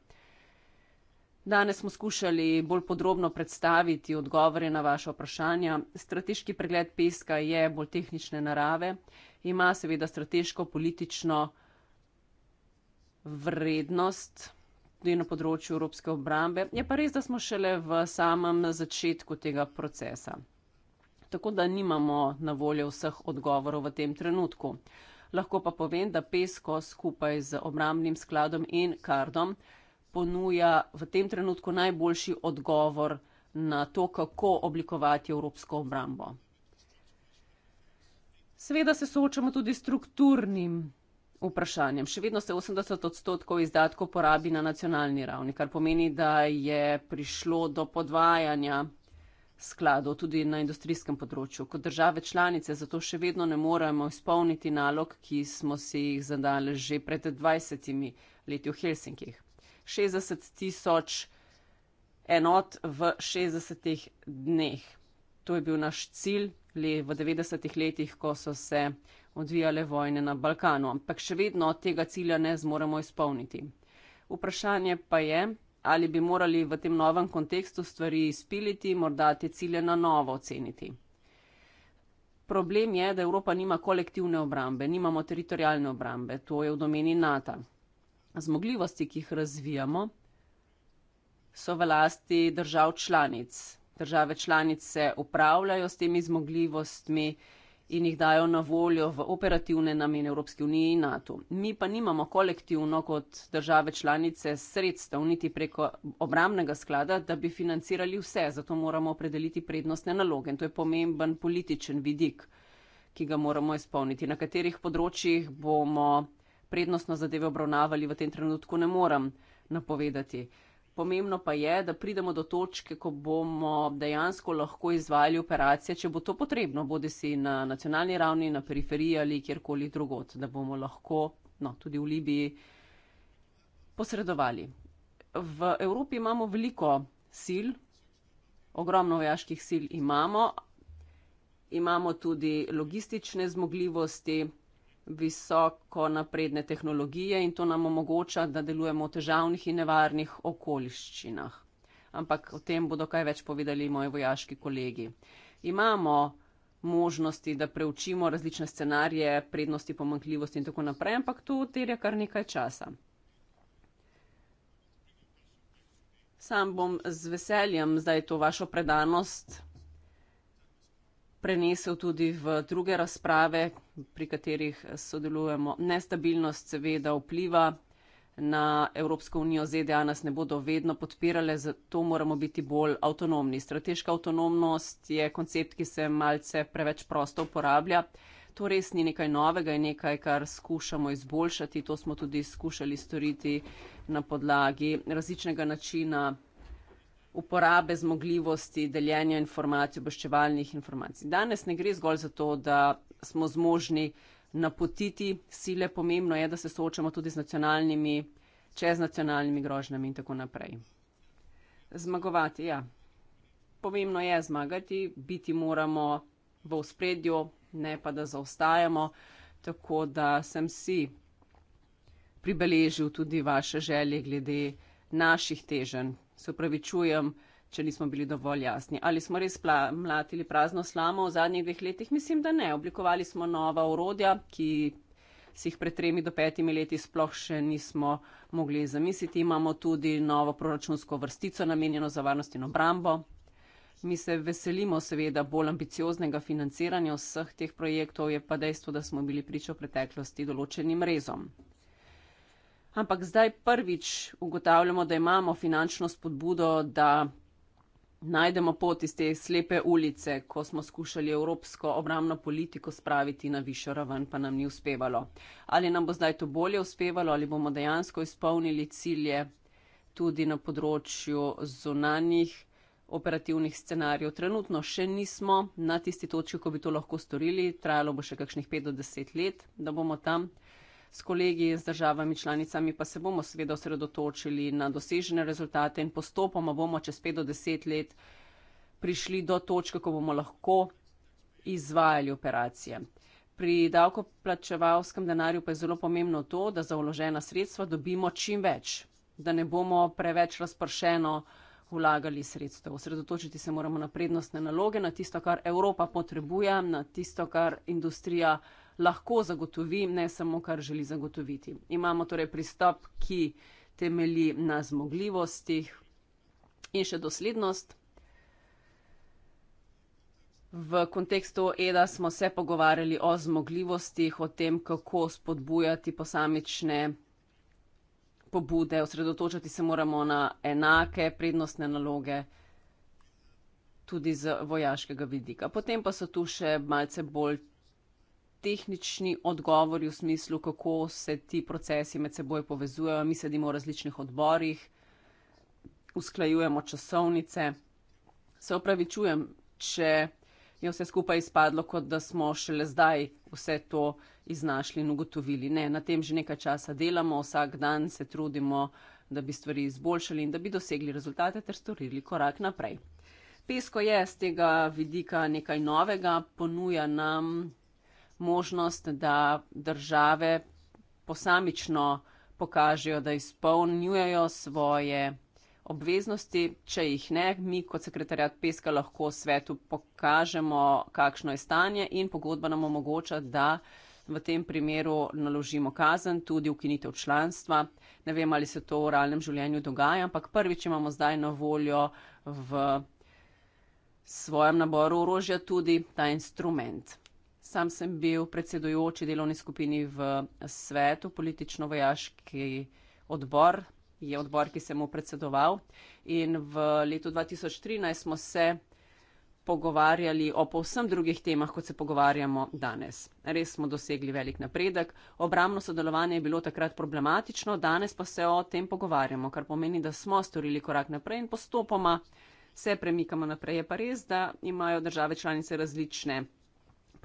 Danes smo skušali bolj podrobno predstaviti odgovore na vaše vprašanja. Strateški pregled peska je bolj tehnične narave, ima seveda strateško politično vrednost tudi na področju evropske obrambe. Je pa res, da smo šele v samem začetku tega procesa. Tako da nimamo na voljo vseh odgovorov v tem trenutku. Lahko pa povem, da PESCO skupaj z obramnim skladom in kardom ponuja v tem trenutku najboljši odgovor na to, kako oblikovati evropsko obrambo. Seveda se soočamo tudi s strukturnim vprašanjem. Še vedno se 80 odstotkov izdatkov porabi na nacionalni ravni, kar pomeni, da je prišlo do podvajanja skladov tudi na industrijskem področju. Kot države članice zato še vedno ne moremo izpolniti nalog, ki smo si jih zadali že pred 20 leti v Helsinkih. 60 tisoč enot v 60 dneh. To je bil naš cilj le v 90 letih, ko so se odvijale vojne na Balkanu. Ampak še vedno tega cilja ne zmoremo izpolniti. Vprašanje pa je, ali bi morali v tem novem kontekstu stvari izpiliti, morda te cilje na novo oceniti. Problem je, da Evropa nima kolektivne obrambe, nimamo teritorijalne obrambe, to je v domeni NATO. Zmogljivosti, ki jih razvijamo, so v lasti držav članic. Države članice upravljajo s temi zmogljivostmi, in jih dajo na voljo v operativne namene Evropske unije in NATO. Mi pa nimamo kolektivno kot države članice sredstev niti preko obramnega sklada, da bi financirali vse, zato moramo opredeliti prednostne naloge in to je pomemben političen vidik, ki ga moramo izpolniti. Na katerih področjih bomo prednostno zadeve obravnavali, v tem trenutku ne morem napovedati. Pomembno pa je, da pridemo do točke, ko bomo dejansko lahko izvajali operacije, če bo to potrebno, bodi si na nacionalni ravni, na periferiji ali kjerkoli drugot, da bomo lahko no, tudi v Libiji posredovali. V Evropi imamo veliko sil, ogromno vojaških sil imamo, imamo tudi logistične zmogljivosti visoko napredne tehnologije in to nam omogoča, da delujemo v težavnih in nevarnih okoliščinah. Ampak o tem bodo kaj več povedali moji vojaški kolegi. Imamo možnosti, da preučimo različne scenarije, prednosti, pomankljivosti in tako naprej, ampak to terja kar nekaj časa. Sam bom z veseljem zdaj to vašo predanost prenesel tudi v druge razprave, pri katerih sodelujemo. Nestabilnost seveda vpliva na Evropsko unijo. ZDA nas ne bodo vedno podpirale, zato moramo biti bolj avtonomni. Strateška avtonomnost je koncept, ki se malce preveč prosto uporablja. To res ni nekaj novega in nekaj, kar skušamo izboljšati. To smo tudi skušali storiti na podlagi različnega načina uporabe zmogljivosti deljenja informacij, obveščevalnih informacij. Danes ne gre zgolj za to, da smo zmožni napotiti sile, pomembno je, da se soočamo tudi z nacionalnimi, čeznacionalnimi grožnjami in tako naprej. Zmagovati, ja. Pomembno je zmagati, biti moramo v spredju, ne pa da zaostajamo. Tako da sem si pribeležil tudi vaše želje glede naših teženj, se upravičujem, če nismo bili dovolj jasni. Ali smo res mlatili prazno slamo v zadnjih dveh letih? Mislim, da ne. Oblikovali smo nova urodja, ki si jih pred tremi do petimi leti sploh še nismo mogli zamisliti. Imamo tudi novo proračunsko vrstico namenjeno za varnost in obrambo. Mi se veselimo seveda bolj ambicioznega financiranja vseh teh projektov, je pa dejstvo, da smo bili pričo preteklosti določenim rezom. Ampak zdaj prvič ugotavljamo, da imamo finančno spodbudo, da najdemo pot iz te slepe ulice, ko smo skušali evropsko obramno politiko spraviti na višjo raven, pa nam ni uspevalo. Ali nam bo zdaj to bolje uspevalo, ali bomo dejansko izpolnili cilje tudi na področju zunanjih operativnih scenarijev. Trenutno še nismo na tisti točki, ko bi to lahko storili, trajalo bo še kakšnih 5 do 10 let, da bomo tam. S kolegi in z državami članicami pa se bomo seveda osredotočili na dosežene rezultate in postopoma bomo čez 5 do 10 let prišli do točke, ko bomo lahko izvajali operacije. Pri davkoplačevalskem denarju pa je zelo pomembno to, da za uložena sredstva dobimo čim več, da ne bomo preveč razpršeno vlagali sredstev. Osredotočiti se moramo na prednostne naloge, na tisto, kar Evropa potrebuje, na tisto, kar industrija potrebuje lahko zagotovi, ne samo kar želi zagotoviti. Imamo torej pristop, ki temelji na zmogljivostih in še doslednost. V kontekstu EDA smo se pogovarjali o zmogljivostih, o tem, kako spodbujati posamične pobude, osredotočati se moramo na enake prednostne naloge, tudi z vojaškega vidika. Potem pa so tu še malce bolj tehnični odgovori v smislu, kako se ti procesi med seboj povezujejo. Mi sedimo v različnih odborih, usklajujemo časovnice. Se upravičujem, če je vse skupaj izpadlo, kot da smo šele zdaj vse to iznašli in ugotovili. Ne, na tem že nekaj časa delamo, vsak dan se trudimo, da bi stvari izboljšali in da bi dosegli rezultate ter storili korak naprej. Pesko je z tega vidika nekaj novega, ponuja nam možnost, da države posamično pokažejo, da izpolnjujejo svoje obveznosti, če jih ne, mi kot sekretarjat Peska lahko svetu pokažemo, kakšno je stanje in pogodba nam omogoča, da v tem primeru naložimo kazen, tudi ukinitev članstva. Ne vem, ali se to v realnem življenju dogaja, ampak prvič imamo zdaj na voljo v svojem naboru orožja tudi ta instrument. Sam sem bil predsedujoči delovni skupini v svetu, politično-vojaški odbor, je odbor, ki sem mu predsedoval. In v letu 2013 smo se pogovarjali o povsem drugih temah, kot se pogovarjamo danes. Res smo dosegli velik napredek. Obramno sodelovanje je bilo takrat problematično, danes pa se o tem pogovarjamo, kar pomeni, da smo storili korak naprej in postopoma se premikamo naprej. Je pa res, da imajo države članice različne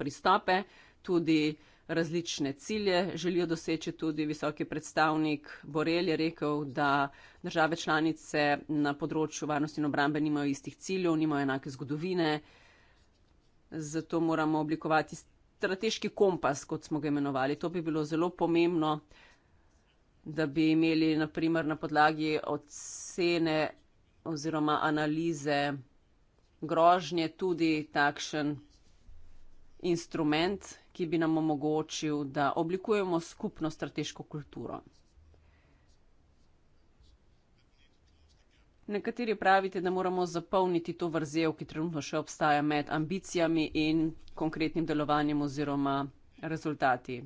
pristope, tudi različne cilje. Želijo doseči tudi visoki predstavnik Borel je rekel, da države članice na področju varnosti in obrambe nimajo istih ciljev, nimajo enake zgodovine. Zato moramo oblikovati strateški kompas, kot smo ga imenovali. To bi bilo zelo pomembno, da bi imeli naprimer na podlagi ocene oziroma analize grožnje tudi takšen instrument, ki bi nam omogočil, da oblikujemo skupno strateško kulturo. Nekateri pravite, da moramo zapolniti to vrzel, ki trenutno še obstaja med ambicijami in konkretnim delovanjem oziroma rezultati.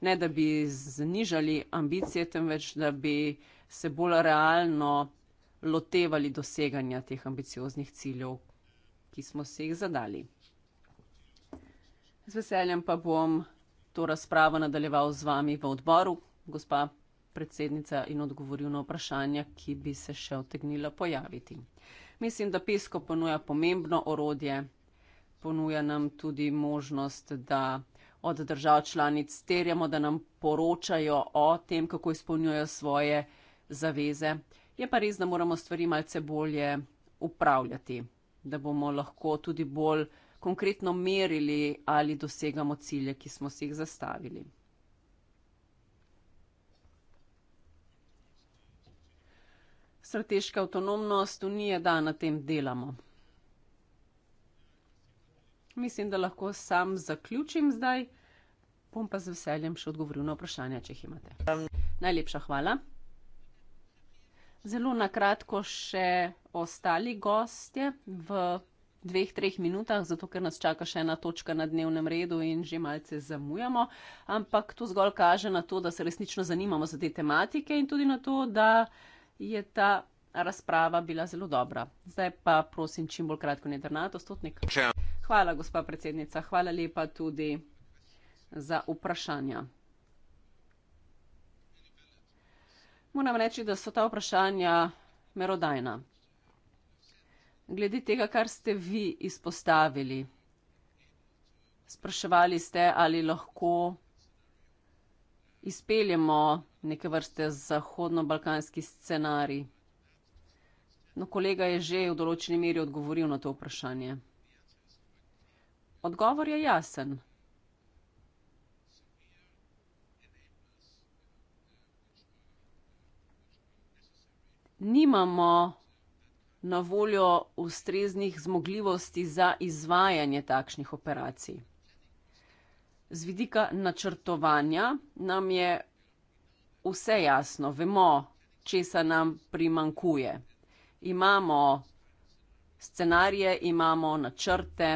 Ne, da bi znižali ambicije, temveč, da bi se bolj realno lotevali doseganja teh ambicioznih ciljev, ki smo se jih zadali. Z veseljem pa bom to razpravo nadaljeval z vami v odboru, gospa predsednica, in odgovoril na vprašanja, ki bi se še otegnila pojaviti. Mislim, da pesko ponuja pomembno orodje, ponuja nam tudi možnost, da od držav članic terjamo, da nam poročajo o tem, kako izpolnjujo svoje zaveze. Je pa res, da moramo stvari malce bolje upravljati, da bomo lahko tudi bolj konkretno merili, ali dosegamo cilje, ki smo si jih zastavili. Strateška avtonomnost unije, da na tem delamo. Mislim, da lahko sam zaključim zdaj, bom pa z veseljem še odgovoril na vprašanja, če jih imate. Najlepša hvala. Zelo na kratko še ostali gostje v dveh, treh minutah, zato ker nas čaka še ena točka na dnevnem redu in že malce zamujamo. Ampak to zgolj kaže na to, da se resnično zanimamo za te tematike in tudi na to, da je ta razprava bila zelo dobra. Zdaj pa prosim, čim bolj kratko, ne drnato, stotnik. Hvala, gospa predsednica. Hvala lepa tudi za vprašanja. Moram reči, da so ta vprašanja merodajna glede tega, kar ste vi izpostavili. Spraševali ste, ali lahko izpeljemo neke vrste zahodno-balkanski scenarij. No, kolega je že v določeni meri odgovoril na to vprašanje. Odgovor je jasen. Nimamo na voljo ustreznih zmogljivosti za izvajanje takšnih operacij. Z vidika načrtovanja nam je vse jasno, vemo, česa nam primankuje. Imamo scenarije, imamo načrte,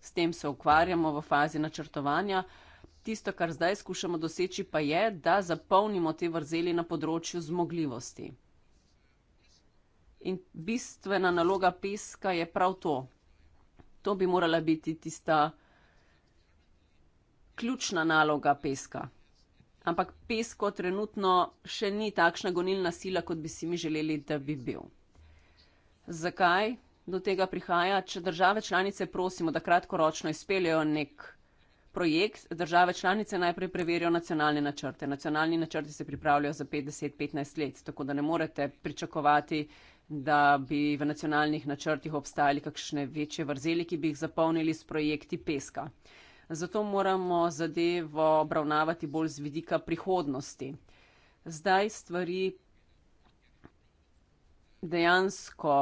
s tem se ukvarjamo v fazi načrtovanja. Tisto, kar zdaj skušamo doseči, pa je, da zapolnimo te vrzeli na področju zmogljivosti. In bistvena naloga peska je prav to. To bi morala biti tista ključna naloga peska. Ampak pesko trenutno še ni takšna gonilna sila, kot bi si mi želeli, da bi bil. Zakaj do tega prihaja? Če države članice prosimo, da kratkoročno izpeljejo nek projekt, države članice najprej preverijo nacionalne načrte. Nacionalni načrti se pripravljajo za 50-15 let, tako da ne morete pričakovati, da bi v nacionalnih načrtih obstajali kakšne večje vrzeli, ki bi jih zapolnili s projekti peska. Zato moramo zadevo obravnavati bolj z vidika prihodnosti. Zdaj stvari dejansko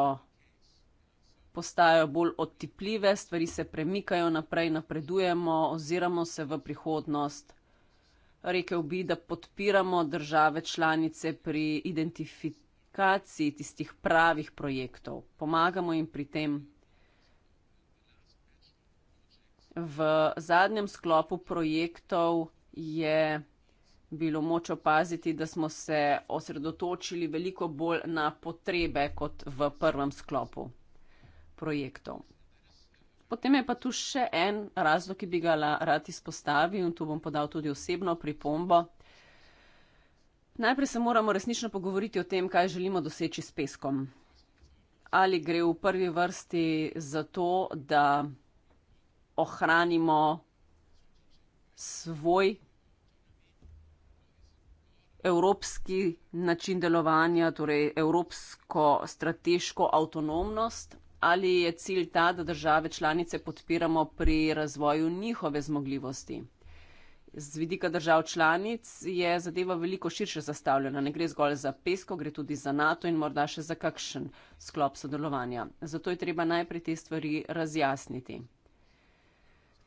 postajajo bolj otipljive, stvari se premikajo naprej, napredujemo, oziramo se v prihodnost. Rekel bi, da podpiramo države članice pri identifikaciji identifikaciji tistih pravih projektov. Pomagamo jim pri tem. V zadnjem sklopu projektov je bilo moč opaziti, da smo se osredotočili veliko bolj na potrebe kot v prvem sklopu projektov. Potem je pa tu še en razlog, ki bi ga rad izpostavil in tu bom podal tudi osebno pripombo. Najprej se moramo resnično pogovoriti o tem, kaj želimo doseči s peskom. Ali gre v prvi vrsti za to, da ohranimo svoj evropski način delovanja, torej evropsko strateško avtonomnost, ali je cilj ta, da države članice podpiramo pri razvoju njihove zmogljivosti. Z vidika držav članic je zadeva veliko širše zastavljena. Ne gre zgolj za pesko, gre tudi za NATO in morda še za kakšen sklop sodelovanja. Zato je treba najprej te stvari razjasniti.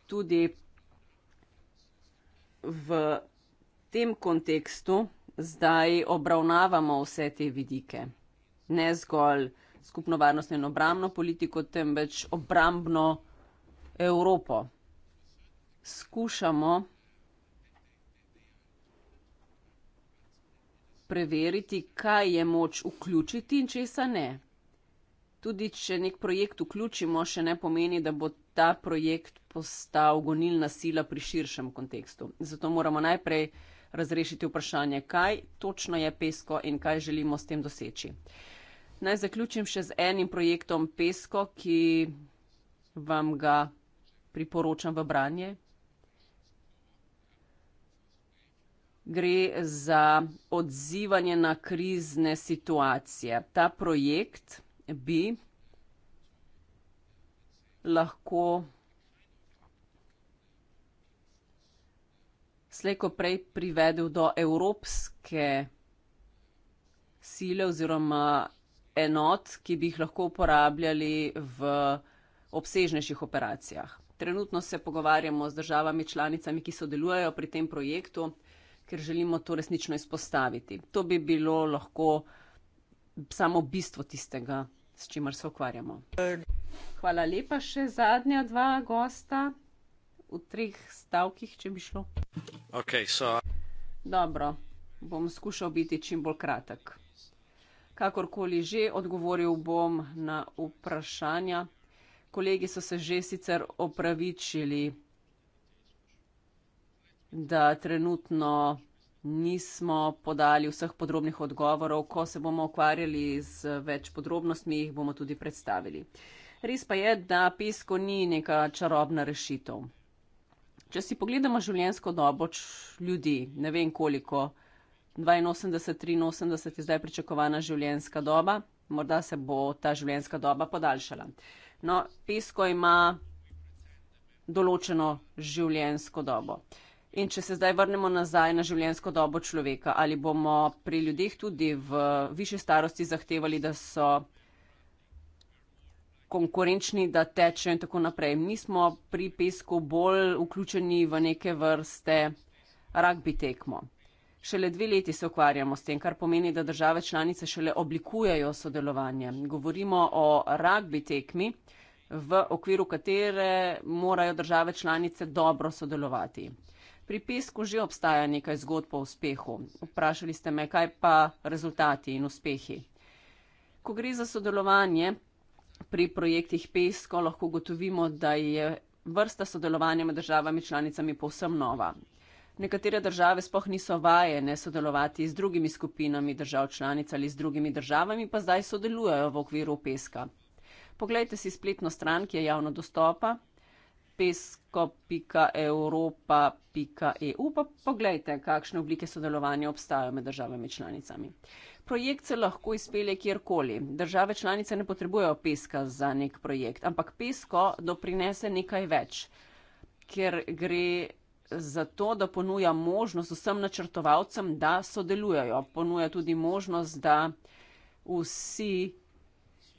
Tudi v tem kontekstu zdaj obravnavamo vse te vidike. Ne zgolj skupno varnostno in obrambno politiko, temveč obrambno Evropo. Skušamo preveriti, kaj je moč vključiti in česa ne. Tudi če nek projekt vključimo, še ne pomeni, da bo ta projekt postal gonilna sila pri širšem kontekstu. Zato moramo najprej razrešiti vprašanje, kaj točno je pesko in kaj želimo s tem doseči. Naj zaključim še z enim projektom pesko, ki vam ga priporočam v branje. gre za odzivanje na krizne situacije. Ta projekt bi lahko slejko prej privedel do evropske sile oziroma enot, ki bi jih lahko uporabljali v obsežnejših operacijah. Trenutno se pogovarjamo z državami članicami, ki sodelujejo pri tem projektu ker želimo to resnično izpostaviti. To bi bilo lahko samo bistvo tistega, s čimer se ukvarjamo. Hvala lepa še zadnja dva gosta v treh stavkih, če bi šlo. Okay, so... Dobro, bom skušal biti čim bolj kratek. Kakorkoli že, odgovoril bom na vprašanja. Kolegi so se že sicer opravičili da trenutno nismo podali vseh podrobnih odgovorov. Ko se bomo ukvarjali z več podrobnostmi, jih bomo tudi predstavili. Res pa je, da pesko ni neka čarobna rešitev. Če si pogledamo življenjsko dobo ljudi, ne vem koliko, 82, 83 je zdaj pričakovana življenjska doba, morda se bo ta življenjska doba podaljšala. No, pesko ima določeno življenjsko dobo. Uh, In če se zdaj vrnemo nazaj na življenjsko dobo človeka, ali bomo pri ljudeh tudi v više starosti zahtevali, da so konkurenčni, da tečejo in tako naprej. Mi smo pri pesku bolj vključeni v neke vrste rugby tekmo. Šele dve leti se ukvarjamo s tem, kar pomeni, da države članice šele oblikujejo sodelovanje. Govorimo o rugby tekmi, v okviru katere morajo države članice dobro sodelovati. Pri pesku že obstaja nekaj zgodb o uspehu. Vprašali ste me, kaj pa rezultati in uspehi. Ko gre za sodelovanje pri projektih pesko, lahko gotovimo, da je vrsta sodelovanja med državami članicami povsem nova. Nekatere države spoh niso vajene sodelovati z drugimi skupinami držav članic ali z drugimi državami, pa zdaj sodelujejo v okviru peska. Poglejte si spletno stran, ki je javno dostopa, pesko.europa.eu pa pogledajte, kakšne oblike sodelovanja obstajajo med državami članicami. Projekt se lahko izpelje kjerkoli. Države članice ne potrebujejo peska za nek projekt, ampak pesko doprinese nekaj več, ker gre za to, da ponuja možnost vsem načrtovalcem, da sodelujejo. Ponuja tudi možnost, da vsi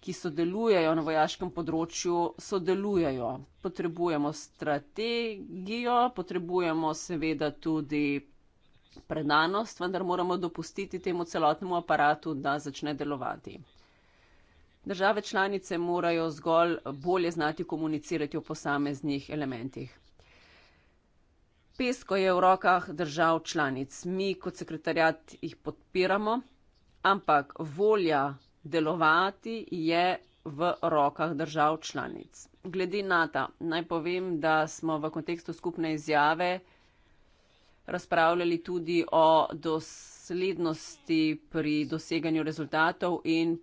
ki sodelujejo na vojaškem področju, sodelujejo. Potrebujemo strategijo, potrebujemo seveda tudi predanost, vendar moramo dopustiti temu celotnemu aparatu, da začne delovati. Države članice morajo zgolj bolje znati komunicirati o posameznih elementih. Pesko je v rokah držav članic. Mi kot sekretarjat jih podpiramo, ampak volja delovati je v rokah držav članic. Glede NATO, naj povem, da smo v kontekstu skupne izjave razpravljali tudi o doslednosti pri doseganju rezultatov in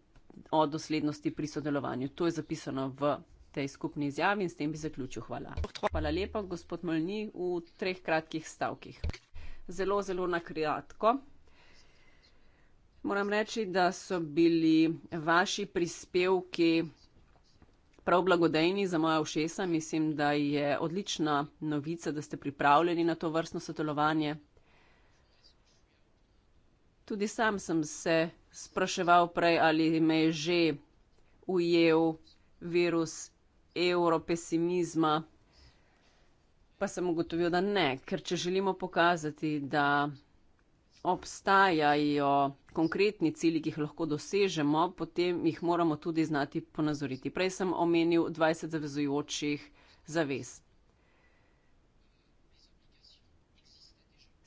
o doslednosti pri sodelovanju. To je zapisano v tej skupni izjavi in s tem bi zaključil. Hvala. Hvala lepa, gospod Molni, v treh kratkih stavkih. Zelo, zelo na kratko. Moram reči, da so bili vaši prispevki prav blagodejni za moja ušesa. Mislim, da je odlična novica, da ste pripravljeni na to vrstno sodelovanje. Tudi sam sem se spraševal prej, ali me je že ujel virus evropesimizma, pa sem ugotovil, da ne, ker če želimo pokazati, da obstajajo konkretni cilji, ki jih lahko dosežemo, potem jih moramo tudi znati ponazoriti. Prej sem omenil 20 zavezujočih zavez.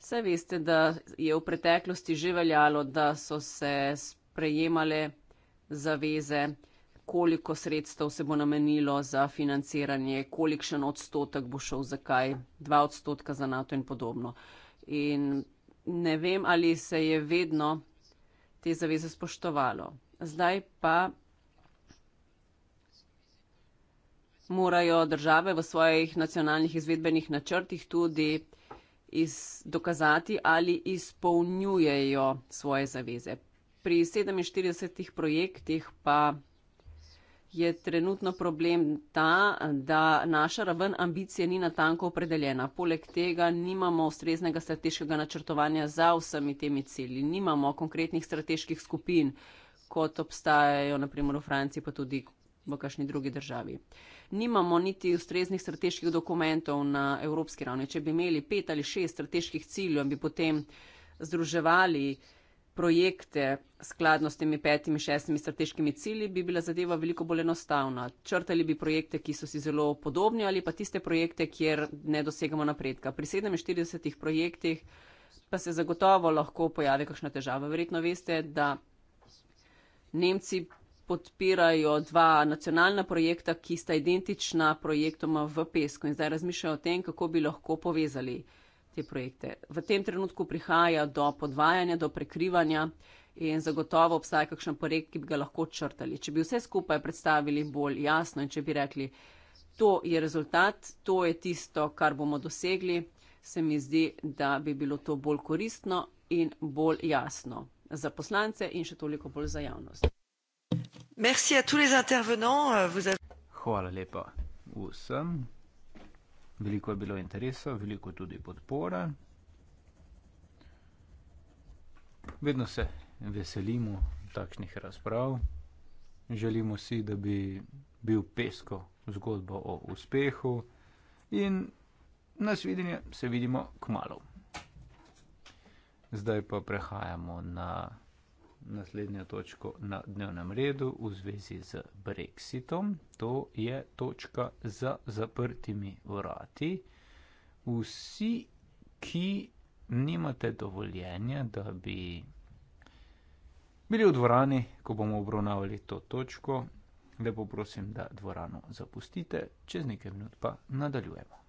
Vse veste, da je v preteklosti že veljalo, da so se sprejemale zaveze, koliko sredstev se bo namenilo za financiranje, kolikšen odstotek bo šel za kaj, dva odstotka za NATO in podobno. In ne vem, ali se je vedno te zaveze spoštovalo. Zdaj pa morajo države v svojih nacionalnih izvedbenih načrtih tudi iz, dokazati, ali izpolnjujejo svoje zaveze. Pri 47 projektih pa je trenutno problem ta, da naša raven ambicije ni natanko opredeljena. Poleg tega nimamo ustreznega strateškega načrtovanja za vsemi temi cilji, nimamo konkretnih strateških skupin, kot obstajajo naprimer v Franciji, pa tudi v kakšni drugi državi. Nimamo niti ustreznih strateških dokumentov na evropski ravni. Če bi imeli pet ali šest strateških ciljev, bi potem združevali projekte skladno s temi petimi, šestimi strateškimi cilji, bi bila zadeva veliko bolj enostavna. Črtali bi projekte, ki so si zelo podobni ali pa tiste projekte, kjer ne dosegamo napredka. Pri 47 projektih pa se zagotovo lahko pojavi kakšna težava. Verjetno veste, da Nemci podpirajo dva nacionalna projekta, ki sta identična projektoma v pesku in zdaj razmišljajo o tem, kako bi lahko povezali te projekte. V tem trenutku prihaja do podvajanja, do prekrivanja in zagotovo obstaja kakšen projekt, ki bi ga lahko črtali. Če bi vse skupaj predstavili bolj jasno in če bi rekli, to je rezultat, to je tisto, kar bomo dosegli, se mi zdi, da bi bilo to bolj koristno in bolj jasno za poslance in še toliko bolj za javnost. Euh, Hvala lepa vsem. Veliko je bilo interesa, veliko tudi podpora. Vedno se veselimo takšnih razprav. Želimo si, da bi bil pesko zgodbo o uspehu in nasvidenje se vidimo k malu. Zdaj pa prehajamo na naslednjo točko na dnevnem redu v zvezi z Brexitom. To je točka za zaprtimi vrati. Vsi, ki nimate dovoljenja, da bi bili v dvorani, ko bomo obravnavali to točko, lepo prosim, da dvorano zapustite, čez nekaj minut pa nadaljujemo.